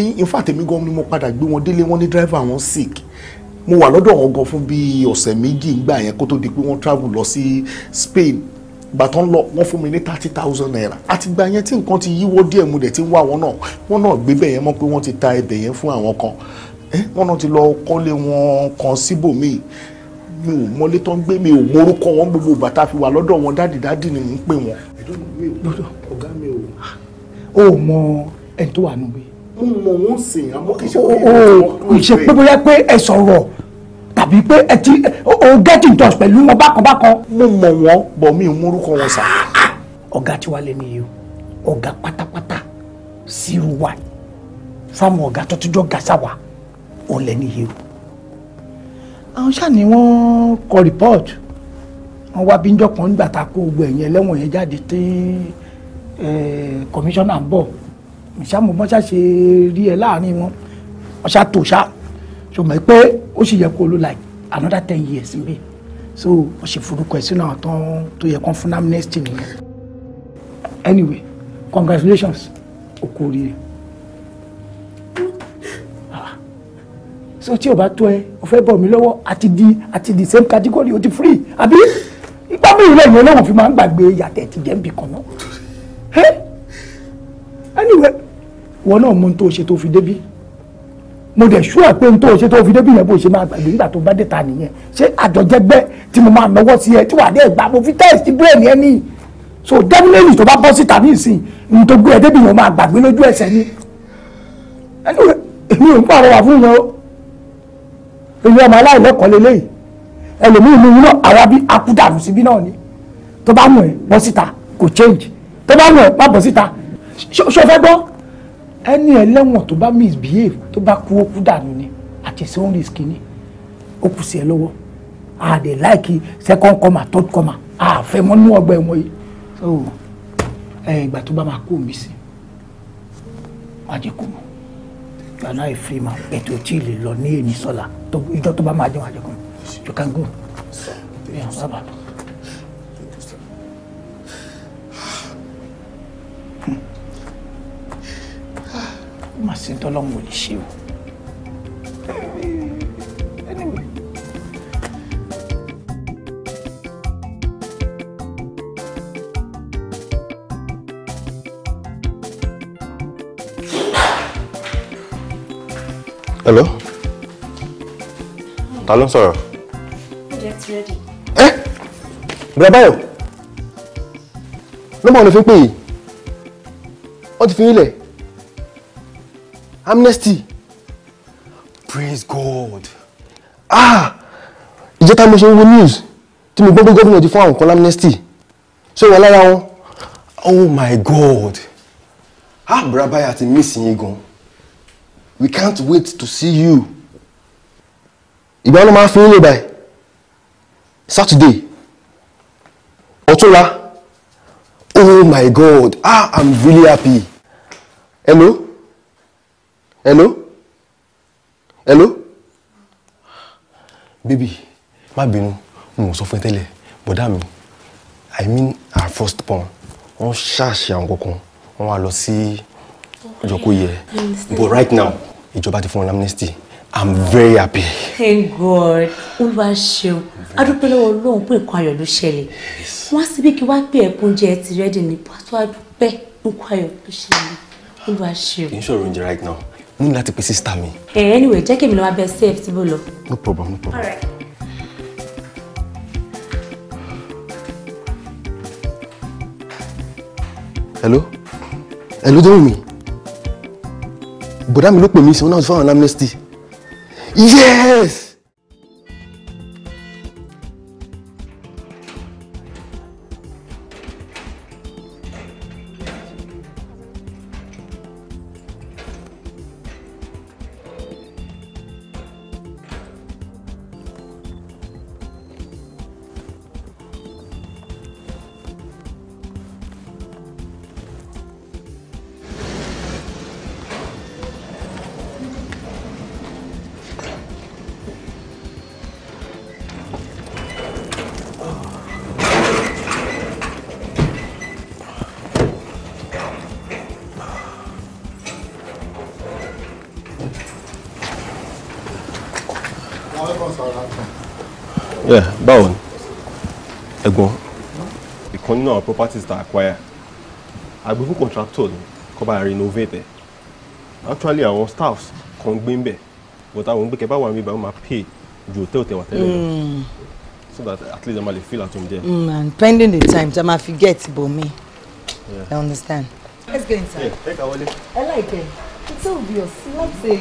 [SPEAKER 1] gan ni mo padà gbé wọn délé wọn ní driver sick mo wà lọ́dọ̀ wọn gan fún bíi ọ̀sẹ̀ méjì ńgbà yẹn kó tó di pé wọ́n travel lọ sí Spain gbàtọ́ ń lọ wọ́n fún mi ní thirty thousand naira àtìgbà yẹn tí nǹkan ti yíwọ́ díẹ̀ mu dẹ̀ ti ń wá wọn náà wọ́n náà gbé bẹ̀ yẹn mọ́ pé wọ́n ti ta ẹbẹ̀ yẹn fún àwọn kan wọ́n náà ti lọ kọ́lé wọn kan síbòmíì mi ò mọlé tó gbé mi ò mórúkọ wọn gbogbo bàtà fi wà lọ́dọ̀ wọn dáàdì dáàdì ni mò ń pè wọn. ọ̀gá mi ò. Ah, o mọ ẹni tó wà nù mí mo mọ̀ wọ́n sìn àmọ́ kì í ṣe pé mo ṣe pé bóyá pé ẹ sọ̀rọ̀ tàbí pé ẹ ti o get in touch pẹ̀lú wọn bákan bákan. mo mọ̀ wọ́n bọ̀ mi ò mórúkọ wọn sà. ọ̀gá tiwa lè nìyí o ọ̀gá pátápátá sírù wa fáwọn ọ̀gá tó tún jọ gàṣà wa ò lẹ́ nìyí o. àwọn ṣáà ni wọ́n kọ report wọ́n wá bíjọ́ kan nígbà tá a kó gbogbo ẹ̀yìn ẹlẹ́wọ̀n yẹn jáde tí kọmíṣánná eh, ń bọ̀ ìṣàmù bọ́n ṣàṣe rí ẹ láàrin wọn wọ́n ṣàtò ṣá ṣùgbọ́n pé ó sì yẹ kó ló like another ten years ń so wọ́n ṣe forúkọ ẹ̀ sínú àwọn tó yẹ kán fún amnesty nìyẹn anyway congratulations o kú oríire so tí o bá tó ẹ o fẹ́ bọ̀ mí lọ́wọ́ àti di àti di same category o ti free àbí ipa mi ìlẹ̀ ìwé náà wọ́n fi máa ń gbàgbé yàtẹ̀ ti jẹ́ ń bì kan náà anyway wọn náà mú tó ṣe tó fi débí mo dẹ̀ ṣúà pé n tó ṣe tó fi débí yẹn bó ṣe máa gbàgbé nígbà tó bá dé ta nìyẹn ṣé àjọjẹgbẹ́ tí mo máa nọwọ́ sí ẹ tí wàá dé ìgbà mo fi tẹ́ẹ̀sì bírèèni ẹ nìyí so definitely tó bá bọ́ síta ní ìsìn n tó gbé ẹ débi yẹn máa gbàgbé lójú ẹsẹ̀ ni anyway èmi ò ń pàrọwà fún yẹn o èmi ọmọ aláìlẹ́kọ̀ọ́ lélẹ́yìí ẹlòmíì ní iná àwa bí akúdàrú síbí náà ni tó bá mọ̀ ẹ́ bọ́ síta kò change tó bá mọ̀ ẹ́ má bọ́ síta ṣọ fẹ́ gbọ́ ẹni ẹlẹ́wọ̀n tó bá misbehave tó bá kú ó kú dànù ni àti its own risk ni ó kù sí ẹ lọ́wọ́ a dey like second comma third comma a fẹ́ mọ́ nú ọgbà ẹ̀wọ̀n yìí so ìgbà tó bá máa kú mi sí má jẹ́ kó mọ̀ yàrá ìfìmọ̀ ètò tí ì lè lọ ní èmi sọ́la ìjọ tó bá máa jẹun àjẹkùn you can go. Yeah, bye-bye. má sí tọ́lọ́mù ò lè ṣe o.
[SPEAKER 3] Hello? Ta ló ń sọ̀rọ̀?
[SPEAKER 6] Project ready. Ẹ́
[SPEAKER 3] Bẹ̀rẹ̀ báyọ̀. Nọ́mbà ọ̀nà fi ń pè yìí.
[SPEAKER 1] Wọ́n ti fi ilẹ̀ amnesty praise god ah ìjẹta mo ṣe ń wo news tí mo gbọ́ pé gómìnà ti fún àwọn kan amnesty ṣé wọn lára wọn oh my god ah burabaya ti miss yín gan we can't wait to see you ìgbà ló máa fi ń lè báyìí saturday ọ̀túnla oh my god ah i'm really happy hello hello hello baby má bínú mo sọ fún ẹ tẹ́lẹ̀ bọ̀dá mi i mean our first born wọ́n ṣàṣì àwọn kankan wọ́n wá lọ sí ìjọkó yẹ but right now ìjọba ti fún wọn
[SPEAKER 3] amnesty i'm very happy.
[SPEAKER 6] thank god olúwa ṣeun adúpẹ́ lọ́wọ́ ọlọ́run pé nǹkan ayọ̀ ló ṣẹlẹ̀ wọ́n á síbí kí wá pé ẹ̀kún oúnjẹ ẹ ti rẹ́dì ní pàtó àdúpẹ́ nǹkan ayọ̀ ló ṣẹlẹ̀ olúwa
[SPEAKER 3] ṣeun. kì í ṣòro oúnjẹ right now ní láti pe sísítà mi. ẹ
[SPEAKER 6] eh, ẹ anyway jẹ́ kí èmi lọ́wọ́ abẹ́ safe tí mo lọ.
[SPEAKER 3] no problem no problem.
[SPEAKER 1] hello hello dẹ́wọ̀n mi bọ̀dá mi ló pè mí sọ náà fáwọn amnesty yes.
[SPEAKER 3] properties that acquire agbefu contractor ni kó renovate ẹ̀ actually àwọn staffs kan gbé ń but àwọn gbé kẹfà wà ń bí bá wọn pay ju hotel tẹwà tẹ́lẹ̀ hmm. so that at least ọmọ lè feel at home there.
[SPEAKER 4] Mm, and pending the time I'm ma fi get me. yeah. I understand. let's go inside. ẹ ká wọlé. ẹ láìpẹ́ it's obvious let's say.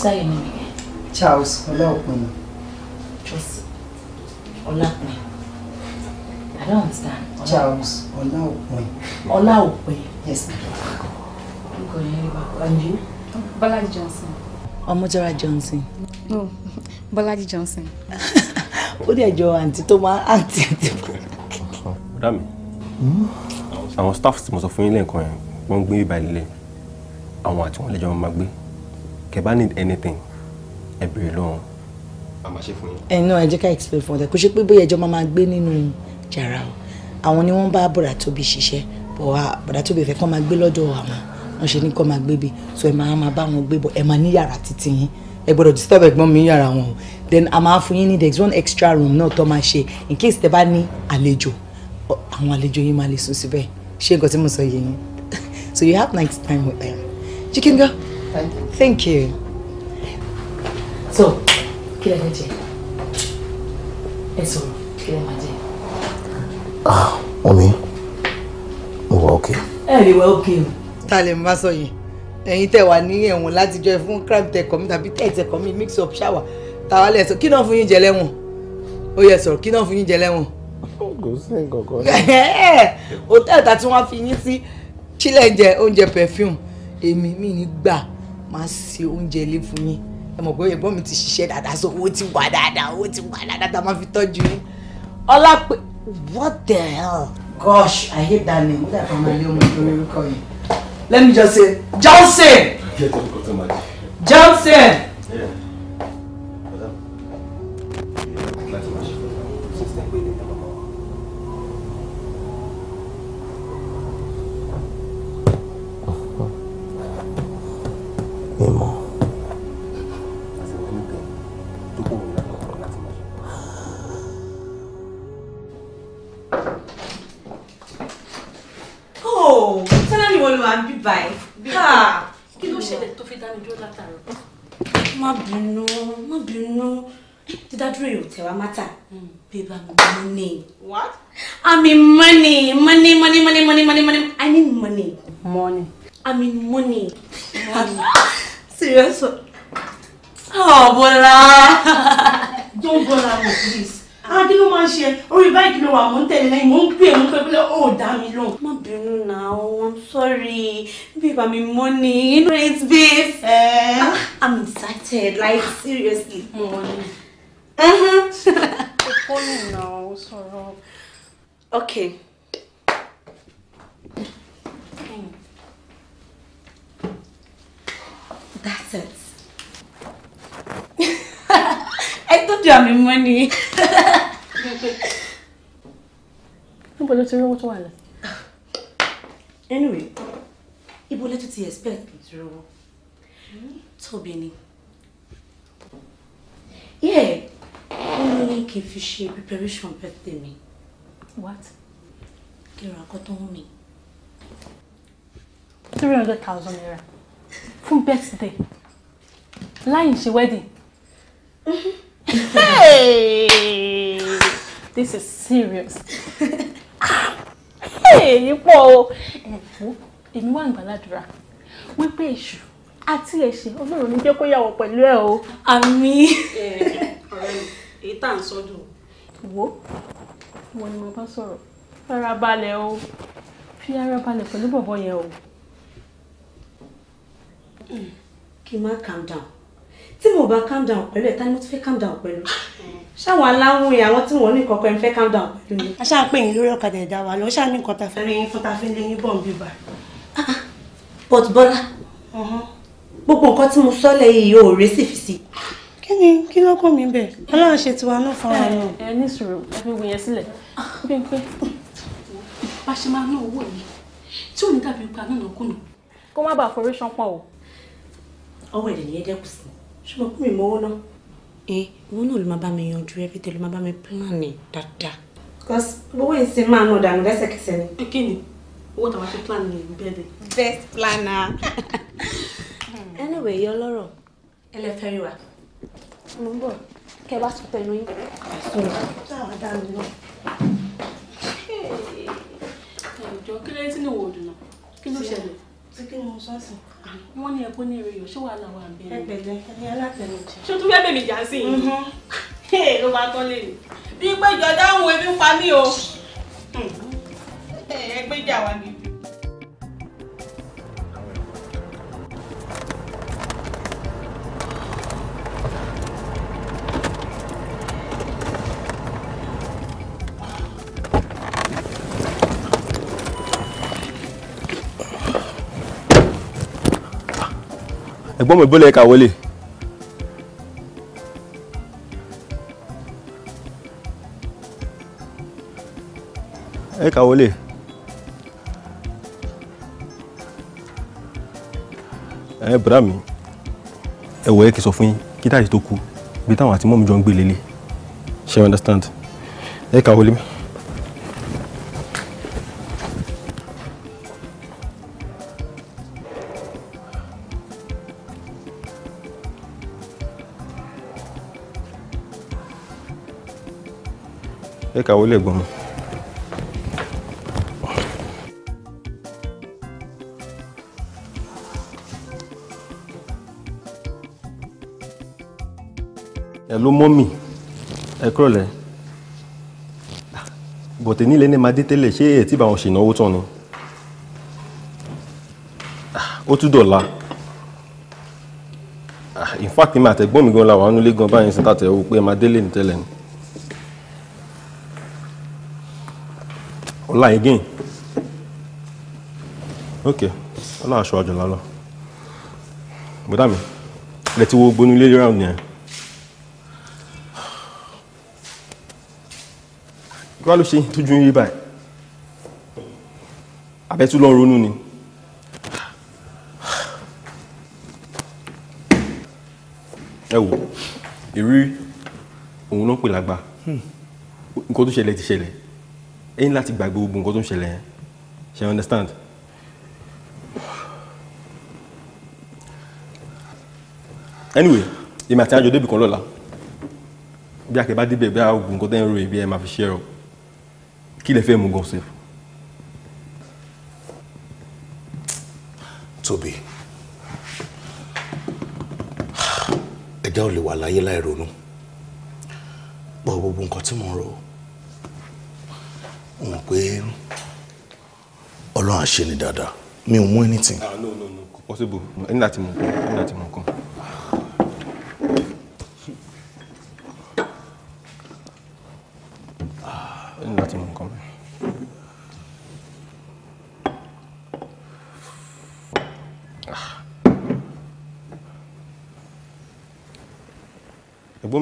[SPEAKER 7] What's that your name again?
[SPEAKER 4] Charles Olapin. Charles Olapin. I don't understand. Olapin. Charles Olapin. Olapin. Yes, ma'am. I'm going to back. And you?
[SPEAKER 6] Balaji Johnson. Omojara Johnson. No, Balaji [LAUGHS] Johnson.
[SPEAKER 4] Ó dẹ̀ jọ àǹtí tó máa àǹtí àǹtí.
[SPEAKER 3] Ọ̀dà mi, hmm? àwọn staff tí mo sọ fún yín lẹ́ẹ̀kan yẹn, wọ́n ń gbé ibà ilé, àwọn àti wọn lè máa gbé kẹ̀bá need anything ẹ bèrè lọ́wọ́ a máa ṣe fún yín.
[SPEAKER 4] ẹnu ẹ jẹ́ ká explain fún ọ kó ṣe pé bóyá ẹjọ́ máa máa gbé nínú jàrá o àwọn ni wọ́n bá bọ̀dà tóbi ṣiṣẹ́ bọ̀dà tóbi fẹ́ kọ́ máa gbé lọ́dọ̀ àwọn wọ́n ṣe ní kọ́ máa gbé bi so ẹ máa máa bá wọn gbé bọ̀ ẹ máa ní yàrá títí yín ẹ gbọ́dọ̀ disturb ẹ̀gbọ́n mi yàrá wọn o then a máa fún yín ní there is one extra room náà tó máa ṣe in case tẹ bá ní àlejò àwọn àlejò yín máa lè sùn síbẹ̀ ṣé nǹkan tí mo sọ yìí ni [LAUGHS] so you have night time with them chicken girl. Thank you. Thank you. So,
[SPEAKER 5] kill lẹ fẹ́ jẹ? Ẹ sọ̀rọ̀, my lẹ Ah, omi,
[SPEAKER 4] Oh, okay. òkè. Ẹ lè wà òkè o. Ta lè má sọ yìí? Ẹ̀yin tẹ́ wà ní ẹ̀wọ̀n látijọ́ fún crime tẹ̀ kọ́mí tàbí tẹ̀ mix up shower. Tàwa lẹ̀ sọ, kí náà fún yín jẹ lẹ́wọ̀n? Ó yẹ sọ̀rọ̀, kí náà fún yín jẹ lẹ́wọ̀n? Kò sí nǹkan kan. Hòtẹ́ẹ̀lì ta tí wọ́n fi yín sí, chile jẹ oúnjẹ perfume, èmi mi ni gbà máa ṣe oúnjẹ ilé fún yín ẹ mọ̀ pé ẹ̀gbọ́n mi ti ṣiṣẹ́ dáadáa so owó ti wà dáadáa owó ti wà dáadáa tá a máa fi tọ́jú yín ọlápẹ what the hell gosh i hate that name ó dàgbà máa lé ọmọ ìdórí orúkọ yìí let me just say johnson johnson. Yeah.
[SPEAKER 6] bínú má bínú dídádúró yóò tẹ̀wá mátà hmm. babe i'm money. what. I mean money money money money money money money i need money. money. I mean money. money. [LAUGHS] serious. oh Bola. [LAUGHS] don't Bola me please ah ló máa ń ṣe orí báyìí ló wà mò ń tẹ̀lé lẹ́yìn mò ń pè mò ń pè ó dá mi lóhùn. má bínú na o i'm sorry babe i'm in money you know it's babe. Eh? Ah, i'm excited like seriously. money. ìkọlù uh-huh. náà ó sọ̀rọ̀. okay. Hmm. That's it. I thought you had my money. Níbo ló ti rí owó tó Anyway, ibo lẹ tún ti expect kì í ti rówó. Yeah, ó ní kí n fi preparation birthday mi. What? Kí n ra nǹkan tó ń From Three hundred thousand birthday láì ṣe wedding. Mm-hmm hey, this is serious. Ah! Hey, pọ̀ o ẹ̀fọ́ èmi wà gbàládùra wípé èṣù àti ẹ̀ṣẹ̀ ọlọ́run ní jẹ́ kó yàwọ̀ pẹ̀lú ẹ̀ o àmì. ọ̀rẹ́ mi èyí tá à ń sọ́dọ̀. wo wo ni mo bá sọ̀rọ̀ fara balẹ̀ o fi ara balẹ̀ pẹ̀lú bọ̀bọ̀ yẹn o. kí n má calm down tí mo bá calm down pẹ̀lú ẹ̀ ta ni mo ti fẹ́ calm down pẹ̀lú ṣáwọn aláwọ̀ yẹn àwọn tí wọ́n ní kọ̀ọ̀kan fẹ́ calm down pẹ̀lú mi. a ṣáà pè yín lórí ọ̀kadà ẹ̀dá wa lọ ṣáà ní nǹkan ta fẹ́ rí yín fún ta fẹ́ lé yín bọ̀ ń bíbà. Ah, ah, but Bọ́lá uh-huh. gbogbo nǹkan tí mo sọ́lẹ̀ yìí ò rèé sì fi sí kí ni kí ló kọ́ mi bẹ̀ ọlọ́run ṣe tiwa náà fún ara náà. ẹ ní sùúrù ẹ fi wòye sílẹ̀ ah. bí n pé bá ṣe máa ná owó yìí tí ò ní dàbí ipa náà kùnà ṣé mo kún mi mọ́ owó náà. ẹ owó náà mais máa bá mi yanjú everything ló máa bá mi plan ẹ dáadáa. because owó yìí ti máa mú dànù lẹ́sẹ̀kẹsẹ̀ ni. pé kí ni owó tàwọn ṣe best planner. [LAUGHS] anyway yọ lọ́rọ̀ ẹ lè fẹ́ rí wa. mo ń bọ̀ kẹ bá tún tẹnu yín. ẹjọ́ kí ló dé tí ní wò ó dùn náà kí ló ṣẹlẹ̀. tí kí ni mo sọ sí i wọ́n ní ẹ̀kọ́ ní eré yọ̀ ṣé wàhálà wà bẹ́ẹ̀. ẹ pẹ̀lẹ́ ẹni alátẹnujẹ. ṣé o tún fẹ́ bèbè jà sí i. Mhm. ló bá tán lè ní. bí pé ìjọ dáhùn ebi ń pa mí o. Hmm. ẹgbẹ́ ìjà wa ni.
[SPEAKER 3] ẹ̀gbọ́n mi bọ́lẹ̀ ẹ̀ka wọlé. ẹ̀ka wọlé. ẹ bùrá mi ẹ̀wọ̀ ẹ̀ kì í sọ fún yín kí dáàdì tó kú bí táwọn àti mọ́mí jọ ń gbé lélẹ̀ ṣé you understand ẹ̀ka wọlé mi.
[SPEAKER 2] ẹ kàwé lè gbọ́n mọ́.
[SPEAKER 3] ẹ ló mọ́ mi ẹ kúrò lẹ́ bọ̀tẹ̀
[SPEAKER 2] nílé ní máa dé tẹ́lẹ̀ ṣé ẹ̀ tí bá wọn ṣènáwó tán ni ó tún dọ̀la in fact ní màtẹ́gbọ́n mi gan la wà nínú ilé gan báyìí sí tàtẹ̀ wò pé ẹ máa délé ní tẹ́lẹ̀ ni.
[SPEAKER 3] online again okay ọlọ́run aṣọ àjọ lálọ́ bọ́dà mi ẹ ti wo gbónú ilé round yẹn kí wàá ló ṣe tójú yín báyìí abẹ́tú lọ ronú ni. ẹ wò ìrírí òun ló ń pè lágbá hmm. nǹkan tó ṣẹlẹ̀ ti ṣẹlẹ̀ ẹ̀yin láti gbàgbé gbogbo nǹkan tó ń ṣẹlẹ̀ yẹn ṣe understand. anyway èmi àti àjọ débi kan lọ́la bí akẹ́ bá débẹ̀ bí àwọn nǹkan tẹ́ ń ròyìn bí ẹ máa fi ṣe ọ kí lè fẹ́ mú gan ṣe.
[SPEAKER 1] Tóbi ẹ̀dá ò lè wà láyé láì ronú pọ̀ gbogbo nǹkan tí mo ń rò o mọ̀ pé ọlọ́run àṣẹ ni dáadáa mi ò mú anything. ah no no no
[SPEAKER 2] kò possible ẹni láti mú nǹkan ẹni láti mú nǹkan. ẹni ah, láti mú nǹkan ah.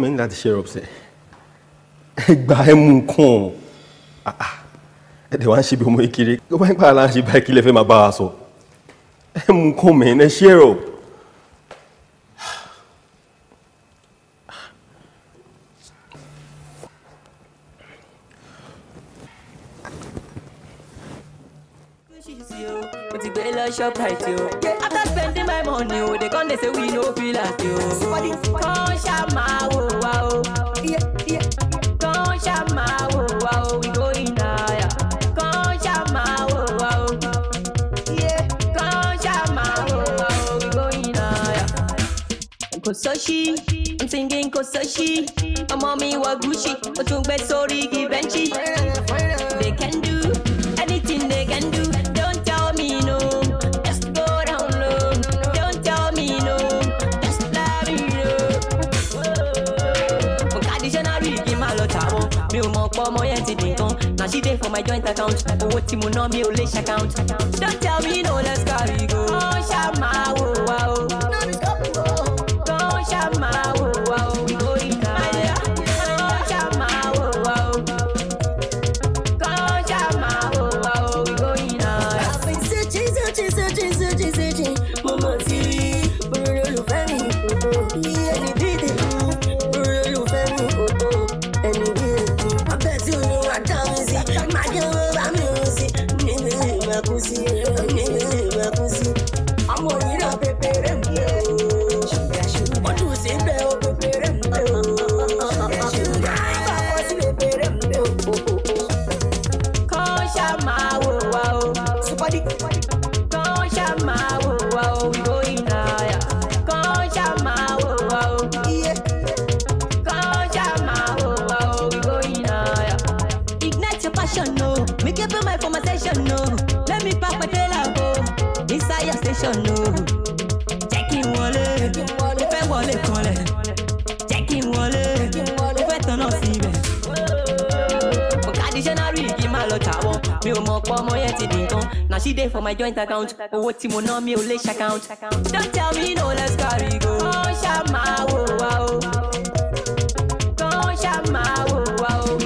[SPEAKER 2] mi ní láti share up sẹ́ ẹ gba ẹ ẹ̀dẹ̀ wá ń ṣe bí ọmọ ìkiri ó bá ń pààlà ń ṣe báyìí kí lè fẹ́ máa bá a sọ ẹ̀ mú kọ́ mẹ́rin ẹ̀ ṣẹ́rọ̀
[SPEAKER 8] ti di nǹkan. Now she there for my joint account. Oh, tí mo ná me? ò lè ṣàkàunt. Don't tell me no let's carry go. Kàn ṣá máa wò wá o. Kàn ṣá máa wò wá o.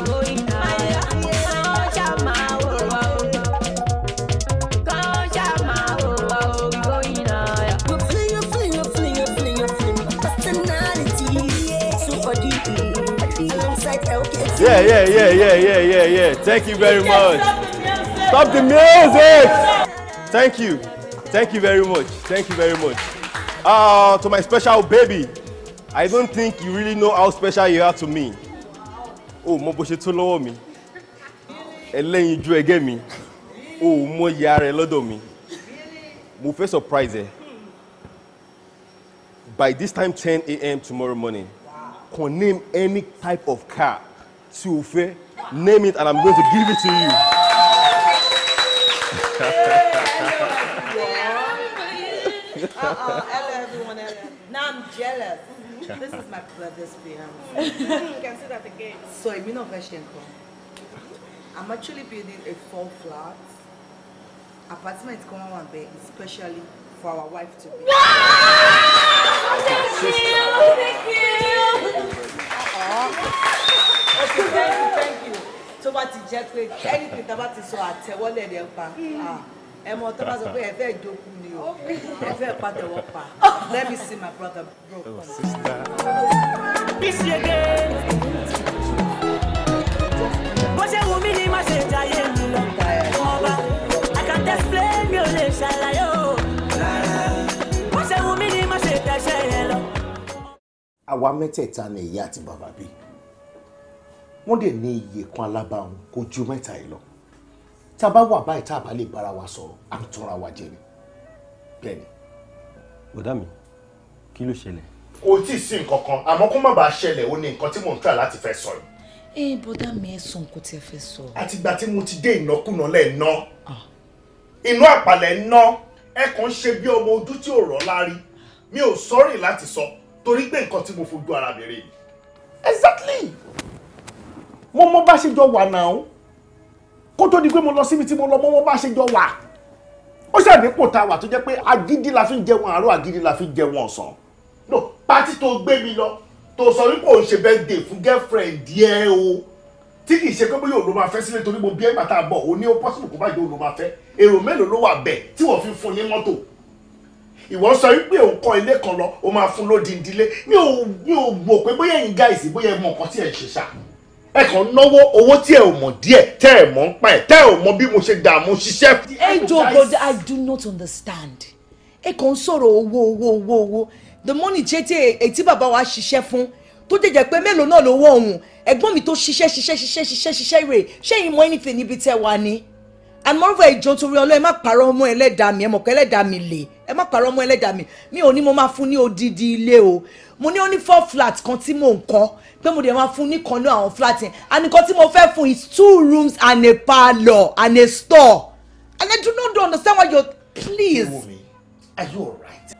[SPEAKER 3] Yeah, yeah, yeah, yeah, yeah, yeah, yeah. Thank you very much. Stop the music! Thank you. Thank you very much.
[SPEAKER 1] Thank you very much. Uh, to my special baby, I don't think you really know how
[SPEAKER 3] special you are to me. Oh, mo bó ṣe tó lọ́wọ́ mi. Ẹlẹ́yinjú ẹgẹ́ mi. Oh, mo ìyá rẹ̀ lọ́dọ̀ mi. Mo fe surprise ẹ. By this time 10 a.m. tomorrow morning,
[SPEAKER 1] can name any type of car To fe Name it and I'm going to give it to you. Uh-uh,
[SPEAKER 8] hello everyone,
[SPEAKER 4] hello. Now I'm jealous. this is my brother's piano.
[SPEAKER 6] you can see that again.
[SPEAKER 4] So, I'm not Veshenko. I'm actually building a four flat apartment come on bed, especially for our wife
[SPEAKER 5] to be. Wow! Thank you, thank you. Uh
[SPEAKER 4] -oh. Okay, thank you, thank you. tó bá ti jẹ́ pé anything tó bá ti sọ àtẹ̀wọ́lẹ̀ rẹ̀ pa hmm. ah, ẹ mọ tó bá sọ pé ẹ ìjókòó ni o ẹ fẹ́ pa let me see my brother bro. Oh, sister. bó ṣe wù mí ni má ṣe jayé mi lọ wọn I can't explain mi ò lè ṣàlàyé o
[SPEAKER 6] bó ṣe wù mí ni má ṣe tẹ̀sẹ̀ yẹn lọ.
[SPEAKER 1] àwa mẹ́tẹ̀ẹ̀ta ni ìyá àti bàbá bíi wọ́n dẹ̀ ní iye kan alábàáhùn kò ju mẹ́ta ẹ̀ lọ tá a bá wà báyìí tá a bá lè bára wa sọ̀rọ̀ à ń tanra wa jẹ ni
[SPEAKER 3] bẹ́ẹ̀ ni. bọ̀dá mi kí ló ṣẹlẹ̀.
[SPEAKER 1] kò tí ì sí nǹkan kan àmọ́ kó má bàa ṣẹlẹ̀ ó ní nǹkan tí mò ń tà láti fẹ́ sọ
[SPEAKER 4] ẹ bọ̀dá mi ẹ sọ nǹkan tí ẹ fẹ́ sọ. àtìgbà tí mo ti
[SPEAKER 1] dé ìnákúnà lẹ́ẹ̀ ná inú àpàlẹ̀ ná ẹ kàn ń ṣe bí ọmọ ojú tí ò rọ́ lárí mi ò sọ́rì láti sọ torí pé nǹkan tí mo fojú ara bèrè exactly mo mọ bá ṣe jọ wà náà kó tó di pé mo lọ síbi tí mo lọ mo mọ bá ṣe jọ wà ó ṣàdínkù tá a wà tó jẹ́ pé agídí la fi ń jẹun àárọ̀ agídí la fi ń jẹun ọ̀sán no pátí tó gbé mi lọ tó sọ wípé òun ṣe birthday fún girlfriend ẹ o tí kì í ṣe pé bóyá òun ló máa fẹ́ sílé torí mo bí ẹgbàá tá a bọ̀ òun ní ó possible kó má jẹ́ òun ló máa fẹ́ èrò mélòó ló wà bẹ̀ tí wọ́n fi fún ní mọ́tò ìwọ sọ wípé òun kọ́ ilé kan lọ òun máa fún lódìndínlé mi ò mi ò wò pé bóyá ẹ̀yin guys bóyá ẹ mọ nǹkan tí ẹ̀ ṣe ṣáà ẹ kàn náwó owó tí ẹ ò mọ̀ díẹ̀ tẹ́ ẹ mọ̀ ń pa ẹ̀ tẹ́ ẹ ò mọ̀ bí mo ṣe dààmú ṣiṣẹ́.
[SPEAKER 4] ẹ jọ god i do not understand ẹ kàn ń sọ̀rọ̀ owó owó owó owó the money jẹ́ tí ètí bàbá wa ṣiṣẹ́ fún tó jẹjẹ pé mélòó náà lówó ọ̀hún ẹ̀gbọ́n mi tó ṣiṣẹ́ ṣiṣẹ́ ṣiṣẹ́ ṣiṣẹ́ ṣiṣẹ́ rè ṣé yìí mọ anything níbi tẹ́ wa ni and moreover ìjọ torí ọlọ́ọ̀ ẹ má parọ́ ọmọ ẹlẹ́dàá mi ẹ mọ̀ pé ẹlẹ́dàá mi lè ẹ má pàrọ̀ ọmọ ẹlẹ́dàá mi mi ò ní mo máa fún ní odidi ilé o mo ní ó ní four flats kan tí mò ń kọ́ pé mo dẹ̀ máa fún ní kan ní àwọn flat yẹn àníkan tí mo fẹ́ fún is two rooms and a parlour and a store and I do not understand why you please. are you alright?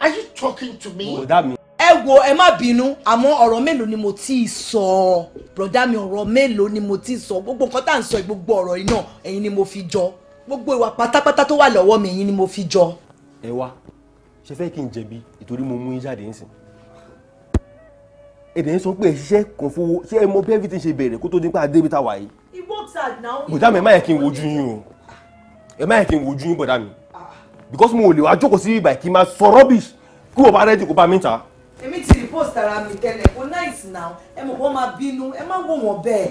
[SPEAKER 4] Are you talking to me? Oh, that means ẹ wo ẹ má bínú àmọ́ ọ̀rọ̀ mélòó ni mo ti sọ broda mi ọ̀rọ̀ mélòó ni mo ti sọ gbogbo nǹkan tá à ń sọ gbogbo ọ̀rọ̀ yìí náà ẹ̀yin ni mo fi jọ gbogbo ìwà pátápátá tó wà lọ́wọ́ mi ẹ̀yin ni mo fi jọ
[SPEAKER 3] ẹ wá ṣe fẹ́ kí n jẹ̀bi ìtorí mo mú yín jáde ń sìn
[SPEAKER 1] èdè ń sọ pé ṣiṣẹ́ kò fowó ṣé ẹ mọ bí everything ṣe bẹ̀rẹ̀ kó tó dín pé adébí ta wà yìí. bọ̀dá mi ẹ má yẹ kí n wojú yín o ẹ má yẹ kí n wojú yín bọ̀dá mi because mo ò lè wá jókòó sí ibà kí n máa sọ rubbish kí wọ́n bá rẹ́dì kó bá mi ta.
[SPEAKER 4] èmi ti post ara mi tẹ́lẹ̀ kò nice now ẹ mọ̀ wọ́n máa bínú ẹ má wò wọ́n bẹ́ẹ̀.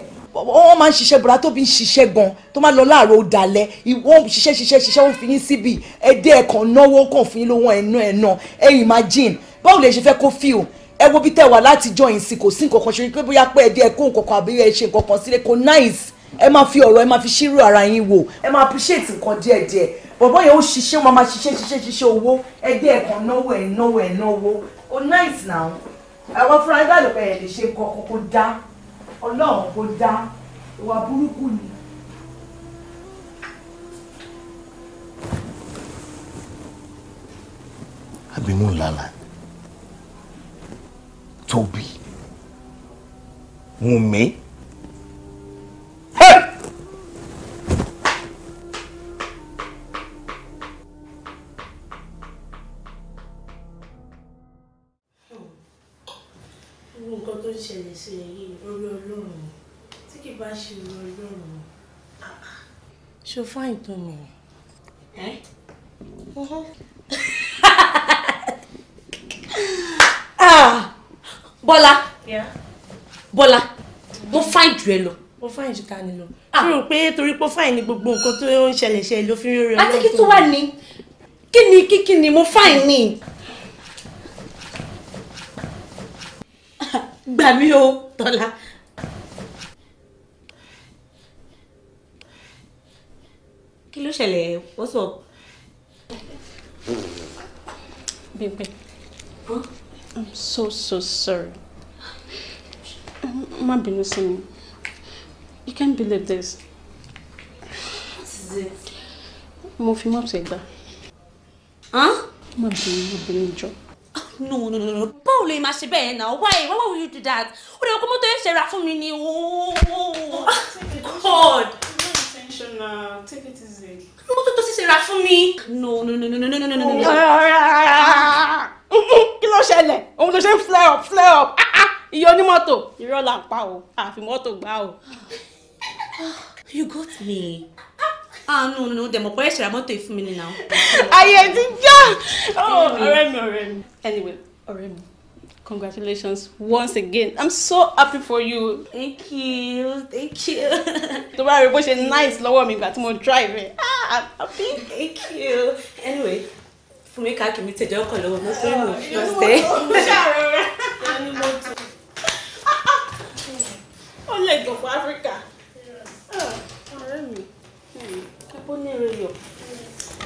[SPEAKER 4] wọ́n máa ń ṣiṣẹ́ bùrà tóbi ń ṣiṣẹ́ gan tó máa lọ láàárọ̀ dalẹ̀ ìwọ́n ṣiṣẹ́ ṣiṣẹ́ ṣiṣẹ́ wọ́n fi yín síbi ẹdẹ ẹ̀kan náwó kàn fún yín lówó ẹ̀nà ẹ̀nà ẹ imagine báwo lè ṣe fẹ́ kó feel ẹ wo bí tẹ́ wà láti jọ yín sí kò sí nǹkan kan ṣe pé bóyá pé ẹdẹ ẹ̀kọ́ nǹkan kan àbí ẹ ṣe nǹkan kan sílẹ̀ kò nice ẹ máa fi ọ̀rọ̀ ẹ máa fi ṣírò ara yín wò ẹ máa appreciate nǹkan díẹ̀díẹ̀ bọ̀bọ́ yẹn ó ṣiṣẹ́ wọn máa ṣiṣẹ́ ṣiṣẹ́ ṣiṣẹ́ owó ẹgbẹ́ ẹ̀kan náwó ẹ̀ náwó ẹ̀ náwó ó oh, nice now ẹ̀wọ́ fúnra yín bá lò pé ẹ̀ lè ṣe kọ̀ọ̀kan kó dá ọlọ́run kó dá ìwà burúkú ni.
[SPEAKER 1] Abimulala Tóbi Wùmí. Hey!
[SPEAKER 6] ṣẹlẹ̀ yìí orí ọlọ́run tí kì bá ṣe orí ọlọ́run ṣo fáìn tó mi ẹ. Uh-huh. [LAUGHS] Ah! bọ́lá bọ́lá mo fáìn jù ẹ lọ. mo fáìn jù ká ni lọ. fi ah. rò pé torí pé fáìn ni gbogbo nǹkan tó ń ṣẹlẹ̀ ṣẹlẹ̀ ló fi ọlọ́run. àti kí tó wà ní kí ni kí kí ni mo fáìn ni. gbà mí o tọ́lá. kí ló ṣẹlẹ̀ what's up. Bímpé huh? i'm so so sorry má bínú sí mi you can't believe this.
[SPEAKER 5] what is
[SPEAKER 6] it. mo fi mọ́tò ẹ̀ gbà. má bínú má bínú jọ no no no no, lè máa ṣe bẹ́ẹ̀ náà why why would you do that ó dẹ̀ kó mọ́tò yẹn ṣe ra fún mi ni ooo oh, [LAUGHS] god mọ́tò tó sì ṣe ra fún mi. no no no no no no no no no. kí ló ṣẹlẹ̀ òun ló ṣe ń flare up flare up ah, ah. iye onímọ́tò irọ́ là ń pa o àfi mọ́tò gbá o. you got me àánú nù dẹ̀mọ̀ pé ẹ̀ṣẹ̀ ra mọ́tò yìí fún mi nìyà. ayé ti já [LAUGHS] oh, ọ̀rẹ́ mi ọ̀rẹ́ mi. anyway ọ̀rẹ́ mi congratulations once again i'm so happy for you. thank you thank you. [LAUGHS] tó bá rí bó ṣe nice lọ́wọ́ mi ìgbà tí mo drive ẹ̀ ah i'm happy. thank you anyway fún mi káàkiri mi tẹ̀jọ́ ọkọ̀ lọ́wọ́ mo fẹ́ mọ̀ fún ọ̀sẹ̀. [LAUGHS] ó lè gbọ̀ fún áfíríkà ah, ọ̀rẹ́ mi. Hmm ó ní ìrẹyọ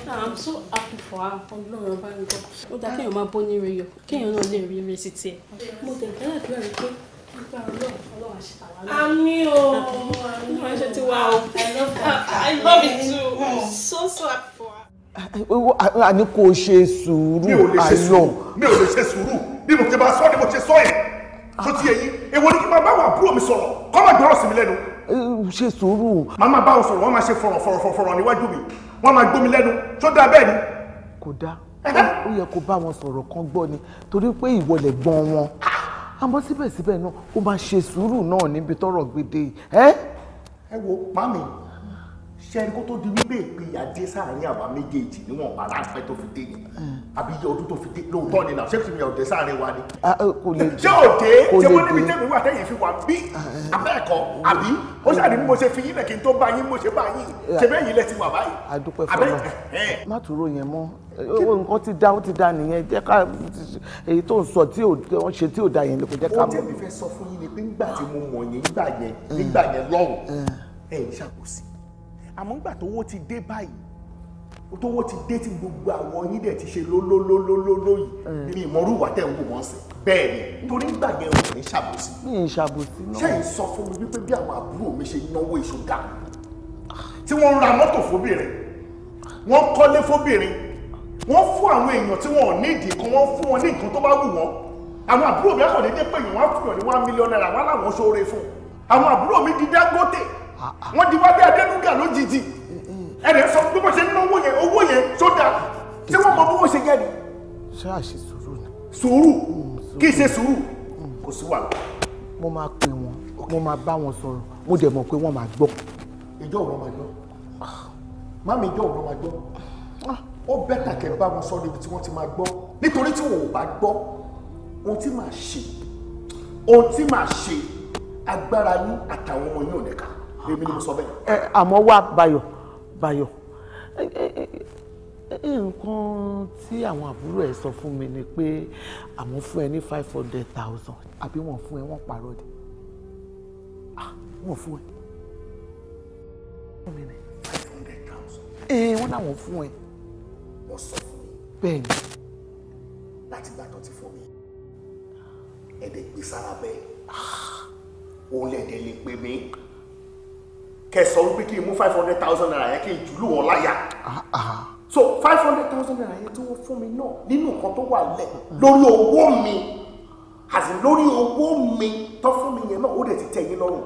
[SPEAKER 6] ah, i'm so happy for her ọlọ́run bá ń gbọ́ ó dáa kéèyàn máa bọ́ ní ìrẹyọ kéèyàn náà lè rí eré sí tiẹ̀ mo tẹ̀ tẹ́lẹ̀ bí pé nípa ọlọ́run ọlọ́run àṣetà wà lọ́wọ́. àmì o àmì ti wá o i love [LAUGHS] it too mm. i'm so so happy for
[SPEAKER 4] her. àní kò ṣe
[SPEAKER 1] sùúrù ayọ̀ mi ò lè ṣe sùúrù bí mo ti bá sọ ni mo ti sọ yẹn tó ti èwo ni kí n máa bá wà búrò mi sọ̀rọ̀ kọ́ máa gbọ́rọ̀ sí mi lẹ́nu Eh, ṣe sùúrù. màmá bá wọn sọ̀rọ̀ wọ́n máa ṣe fọ̀rọ̀ fọ̀rọ̀ fọ̀rọ̀ níwájú mi wọ́n máa gbómi lẹ́nu tó dáa bẹ́ẹ̀ ni. kò dáa ó yẹ kó bá wọn sọ̀rọ̀ kan gbọ́ ni torí pé ìwọlẹ̀ gbọ́n wọn àmọ́ síbẹ̀síbẹ̀ náà ó máa ṣe sùúrù náà níbi tọ́rọ̀ gbede. ẹ wo màmí ṣẹ́ni kó tó di wípé ìpínyà dé sáàrin àwa méjèèjì níwọ̀n bá láǹfẹ́ tó fi dé ni hmm. àbí iye ọdún tó fi dé lóòótọ́ ni náà ṣé fi mi ọ̀dẹ sáàrin wa ni.
[SPEAKER 5] Ah, kò lè dé ṣé òde ṣé wọ́n níbi
[SPEAKER 1] tẹ́mi wà tẹ́yìn fi wà bí ah, eh, eh. abẹ́ẹ̀kọ́ àbí ó ṣàdí bí mo ṣe fi yín lẹ̀ kí n tó bá yín mo ṣe bá yín ṣe bẹ́ẹ̀ yín lẹ ti wà báyìí. àdúpẹ́ fọlọ́ má tòrò yẹn mọ́ owó nǹkan ti da ó ti da nìyẹn jẹ́ ká èyí tó ń sọ tí ò ṣe tí ò da yẹn kò jẹ́ ká mọ̀. ohun tí èmi fẹ́ sọ fún yín ni pé nígbà tí mo mọ̀ yẹn nígbà yẹn hmm. lọ́hùn-ún hmm. ẹ̀yin ṣàkóso àmọ́ nígbà tó wó ti dé báyìí tó wó ti dé tí gbogbo àwọn yín dẹ̀ ti ṣe lólólólólóló yìí eh. mi ìmọ̀rú ìwà tẹ̀ ń wò wọ́n sí bẹ́ẹ̀ ni nítorí gbàgbé wọn kò ní ṣàbòsí. mi ì ṣàbòsí náà. sẹ́yìn sọ fún mi wípé bí àwọn àbúrò mi ṣe náwó ìṣúgà tí wọ́n ń ra mọ́tò fóbìnrin wọ́n kọ́lé fóbìnrin wọ́n fún àwọn èèyàn tí wọ́n ò ní ìdí kan wọ́n fún wọn ní nǹkan tó bá wù wọ́n àwọn àbúrò mi akọ̀dé dé pé èèyàn wá fún yàn ní one million naira wá láwọn ṣoore fún àwọn àbúrò mi di Dangote wọ́n di wá bí adénúgà lójijì ẹ̀rẹ̀ sọ bí wọ́n ṣe ń ná owó yẹn owó yẹn tó dà tí wọ́n mọ bí wọ́n ṣe jẹ́ ni. ṣáà ṣe sùúrù ni. sùúrù mm, kì í ṣe sùúrù mm. kò sí wàhálà. mo máa pè wọn mo máa bá wọn sọ̀rọ̀ mo dẹ̀ mọ̀ pé wọ́n máa gbọ́. ìjọ òun máa gbọ́ mami ìjọ òun máa gbọ́ ó bẹ́tà kẹ́ bá wọn sọ níbi tí wọ́n ti máa gbọ́ nítorí tí wọn ò bá gbọ́ ohun tí màá ṣe ohun tí màá ṣe agbára yín àtàwọn ọmọ yín ò ní ká èmi ni mo sọ bẹ́ẹ̀. ẹ àmọ́ wá Bayọ̀ Bayọ̀ nǹkan tí àwọn àbúrò ẹ sọ fún mi ni pé àmọ́ fún ẹ ní five hundred thousand àbí wọ́n fún ẹ wọ́n parọ́ dé ah, wọ́n fún ẹ wọ́n láwọn fún ẹ. wọ́n sọ fún mi. bẹ́ẹ̀ni. láti gbà tó ti fún mi ẹ̀ẹ́dẹ̀gbèsára bẹ́ẹ̀ ah, òun lẹ̀dẹ̀ lè pè mí kẹsàn-án wípé kí n mú five hundred thousand naira yẹn kí n jùlù wọn láyà ah, ah. so five hundred thousand naira yẹn tí wọ́n fún mi náà nínú nǹkan tó wà lẹ̀ lórí owó mi àti lórí owó mi tó fún mi yẹn náà ó dẹ̀ ti tẹ̀ yín lọ́rùn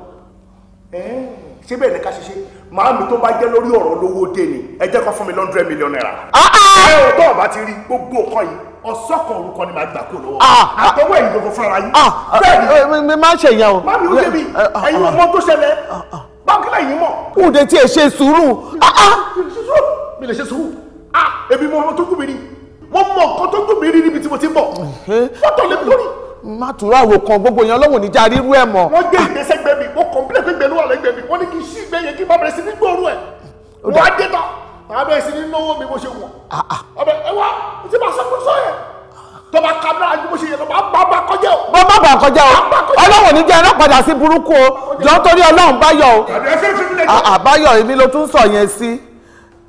[SPEAKER 1] ṣé bẹ́ẹ̀ ni ká ṣiṣẹ́ màá mi tó bá jẹ́ lórí ọ̀rọ̀ lówó dé ni ẹ jẹ́ kó fún mi lọ́ndrẹ́ mílíọ̀n náírà. ẹ ò tọ́ ọ̀bá ti rí gbogbo nǹkan yìí ọ̀sọ́ kan orúkọ ni màá gbà kó lọ́wọ́ ah, àtọwọ́ ẹ̀yìn gbogbo fúnra yín. bẹ́ẹ̀ eh, mi máa ń ṣèyàn o. má mi ó débi eh, eh, ẹ̀yin ọmọ tó ṣẹlẹ̀ bàbá yìí mọ̀. kò dé tí ẹ ṣe sùúrù. Ah, ah. mi lè ṣe sùúrù ah, èmi mọ ọmọ tó gùn mí ni mo mọ nǹkan tó gùn mí rí níbi tí mo ti ń bọ̀ fọ́tò lè mi lórí. má tura àwò kan gbogbo yẹn lọ́wọ́ níjà rírú ẹ̀ mọ̀. wọ́n gbé ìgbésẹ̀ gbẹ mi mo kọ̀m̀pilẹ̀ pé gbẹ̀lú wà lẹ́gbẹ̀ẹ́ mi wọ́n ní kí n ṣí ìgbẹ́ yẹn kí n bá bẹ̀rẹ̀ sí ní gbòòrò ẹ̀ wọ́n á dé tán bàbá ẹ̀ sì ní náwó mi bó ṣe wọ̀ ọ̀bẹ̀ ẹ̀ wá ti máa sọ fún sọ́yẹ̀ tọba kábílà àdúgbò ṣe yẹ lọ bá bá bá kọjá o. bọ́ bá kọjá o ọlọ́run ní jẹ́ ẹlọ́padà sí burúkú o jọ torí ọlọ́run báyọ̀ o àbáyọ̀ èmi ló tún sọ yẹn sí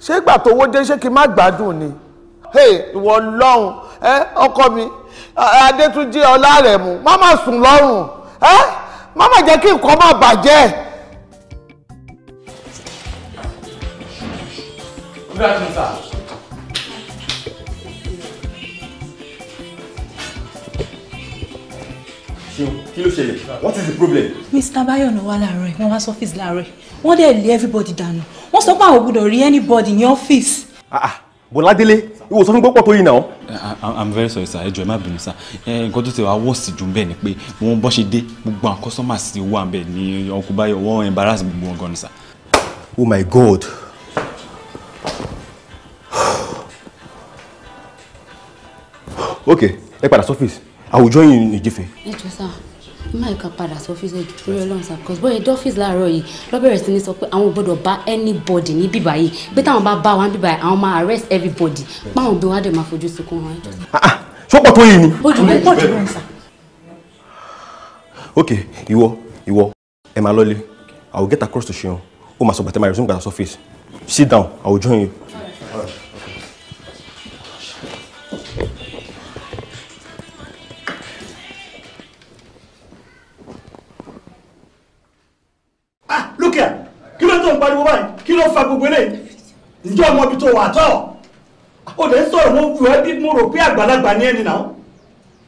[SPEAKER 1] ṣé ìgbà tó wó dé ṣé kí n má gbádùn ni ìwọ ọlọ́run ọkọ mi adétúnjẹ ọlárẹ̀mú má má sùn lọ́rùn má má jẹ́ kí nǹkan má bàjẹ́. Good afternoon, kí ló ṣẹlẹ̀ what is the problem.
[SPEAKER 6] mr bayo ni wà láàárọ̀ ẹ̀ wọ́n wá sọ́fíìsì láàárọ̀ ẹ̀ wọ́n dẹ̀ lé everybody dànù wọ́n sọ pé àwọn gbọ́dọ̀ rí anybody ní ọ́fíìsì. Ah, ah,
[SPEAKER 3] bọ́ládélé ìwọ sọ fún gbọ́pọ̀ tó yìí náà. Eh, i'm very sorry sir ẹ jọ̀ọ́ ẹ má bínú sir eh, nǹkan tó ti wá wọ́ọ̀sì jù bẹ́ẹ̀ ni pé wọ́n bọ́ ṣe dé gbogbo àwọn customers ti wà bẹ́ẹ̀ ni ọkùn báyọ̀ wọ́n embarrass gbogbo wọn gan ni sir. oh my god [SIGHS] okay ẹ padà sọ́fíìsì i will join you in Ìjẹ̀fẹ̀.
[SPEAKER 6] ẹ jọ̀ọ́ sir máa kà padà sí ọ́fíìsì ẹ̀jọ̀ torí ọlọ́run sá because bóyá ẹ̀dọ́ ọ́fíìsì láàárọ̀ yìí lọ́bẹ̀rẹ̀ sí ni sọ pé àwọn ò gbọ́dọ̀ bá anybody ní bíbá yìí pé táwọn bá bá wọn bíbá yìí àwọn máa arrest everybody páwọn òbí wa dẹ̀ máa fojú sunkún wọn. sọ́pọ̀
[SPEAKER 1] ah, ah, tó yìí ni. ojú bẹ́ẹ̀ pọ̀ jù lọ́n
[SPEAKER 6] sá.
[SPEAKER 3] ok ìwọ ìwọ ẹ máa lọlé i will get across to ṣeun ó máa sọ gbàtẹ́ máa resume gbàtà surface sit down i will join you.
[SPEAKER 1] fa gbogbo eléyìí ǹjẹ́ ọmọ ibi tó wà tọ́ o lè ń sọ̀rọ̀ mo wù ẹ́ bí mo rò pé àgbàlagbà ni ẹni náà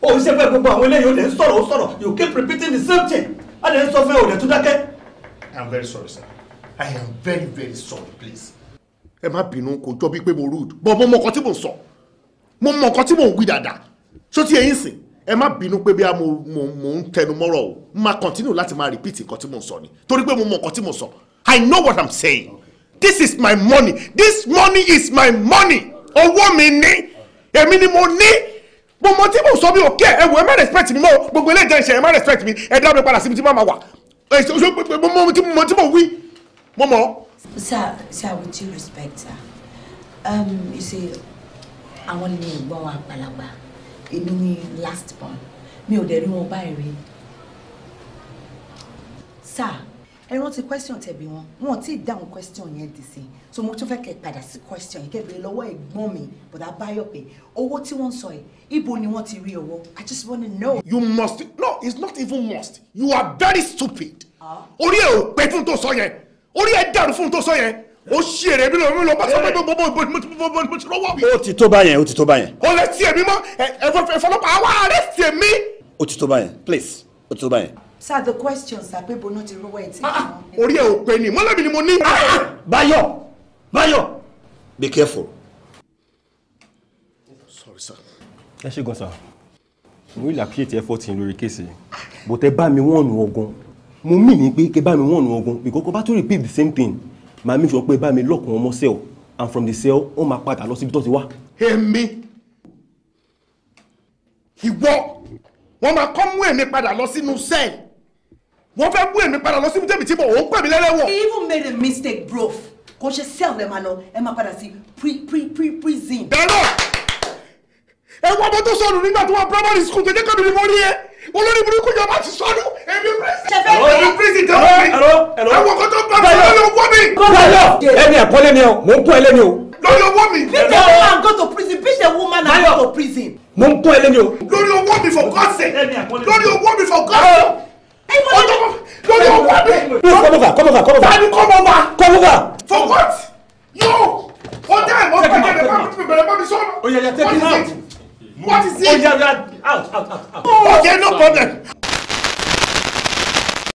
[SPEAKER 1] o ṣe fẹ́ gbogbo àwọn eléyìí o lè ń sọ̀rọ̀ o sọ̀rọ̀ you keep repeating the same thing a lè ń sọ fún ẹ o lè tún dákẹ́. I am very sorry sir I am very very sorry please. ẹ má bínú kò jọ bíi pé mo rude bọ́ mo mọ ọkọ tí mò sọ mo mọ ọkọ tí mò ń wí dáadáa ṣó ti ẹ̀yin sìn ẹ má bínú pé bí a mo ń tẹnu mọ́rọ̀ o máa continue láti máa repeat nǹkan tí mò sọ ni torí pé mo mọ nǹkan tí mò sọ I know what I'm saying this is my money this money is my money owó mi ní èmi ni mo ní gbogbo tí mo sọ bí òkè ẹ wò ẹ má respect mi mọ́ gbogbo ilé ìjẹun ìṣẹ̀yẹ má respect mi ẹ dá mi padà síbi tí màmá wà èso mo tí mo tí mo wí mo mọ̀.
[SPEAKER 4] sir sir with due respect sir um, you see àwọn ni ìgbọ́n wa àgbàlagbà èmi ni last born mi ò dẹ̀ rí wọn báyìí rí sir ẹ rántí question tẹ̀bi wọn wọn ti dáhùn question yẹn dì sí so mo tún fẹ́ kẹ́ padà sí question yìí kẹ́bìrì lọ́wọ́ ẹ̀gbọ́n mi bọ̀dá báyọ̀ pé owó tí wọ́n ń sọ yìí ibo ni wọ́n ti rí owó i just wanna know. you must no it's not even must
[SPEAKER 1] you are very stupid. orí ẹ ò pé fún tó sọ yẹn orí ẹ dàrú fún tó sọ yẹn ó ṣe èrè mi lọ bá sọ pé gbogbo ìbò mo ti lọ́wọ́. ó ti tó báyẹn ó ti tó báyẹn. o lè tiẹ̀ mi mọ́ ẹ̀fọ́lọ́pàá wa arrest mi. ó ti tó báyẹn please ó ti tó báyẹn
[SPEAKER 4] sir the questions sir people not náà ti rówó it's tí. Ah, ah,
[SPEAKER 1] orí ẹ ò pé ni mọ́lẹ́bí ni mo ní. Ah,
[SPEAKER 3] Báyọ̀ Báyọ̀ be careful. sorry sir. Let's ṣe gan sir mo really appreciate effort in lórí kéèsì bó tẹ bá mi
[SPEAKER 1] wọ́n nù ọgbọ́n mo mì ní pé kẹ bá mi wọ́n nù ọgbọ́n because kó bá tó repeat the same thing màá mi sọ pé bá mi lọ́kàn ọmọ cell and from the cell ó máa padà lọ síbi tó ti wá. èmi ìwọ wọn máa kọ́ mú èmi padà lọ sínú cell
[SPEAKER 4] wọ́n fẹ́ mú èmi padà lọ síbi tẹ́mi tí mo ò ń pè mí lẹ́lẹ́wọ̀. he even made a mistake bro kò ṣe sell lẹ́ẹ̀ máa lọ ẹ máa padà sí pre pre pre prison. dẹ́rọ
[SPEAKER 1] ẹ wọ ọmọ tó sọnù nígbà tó wà primary school tó jẹ́ kẹ́mi ni mo rí ẹ olórí burúkú yọ̀ọ́ máa ti sọnù èmi
[SPEAKER 4] prison. èmi prison tẹ́ wọ́n mi ẹ wọ ọkọ tó bá mi lọ́lọ́ owó mi. báyọ̀
[SPEAKER 1] ẹni ẹ̀kọ́ lẹ́ni o mò ń kọ́ ẹ lẹ́ni o. lọ́lọ́ owó mi. beat a woman
[SPEAKER 4] go to prison beat a woman and go
[SPEAKER 1] to prison. mo ń kọ́ ẹ lẹ́ni o. lórí owó mi for God sake lórí owó mi for God sake lórí ọgbà mi. come over come over come over. tani come over. come over. for what yo o time o gbẹgẹ bẹ bá mi
[SPEAKER 2] tún bẹ̀rẹ̀ bá mi sọ̀rọ̀.
[SPEAKER 1] oyè yẹ take him out.
[SPEAKER 3] what is it. oyè oh, yẹ out out out. Oh, okay no problem.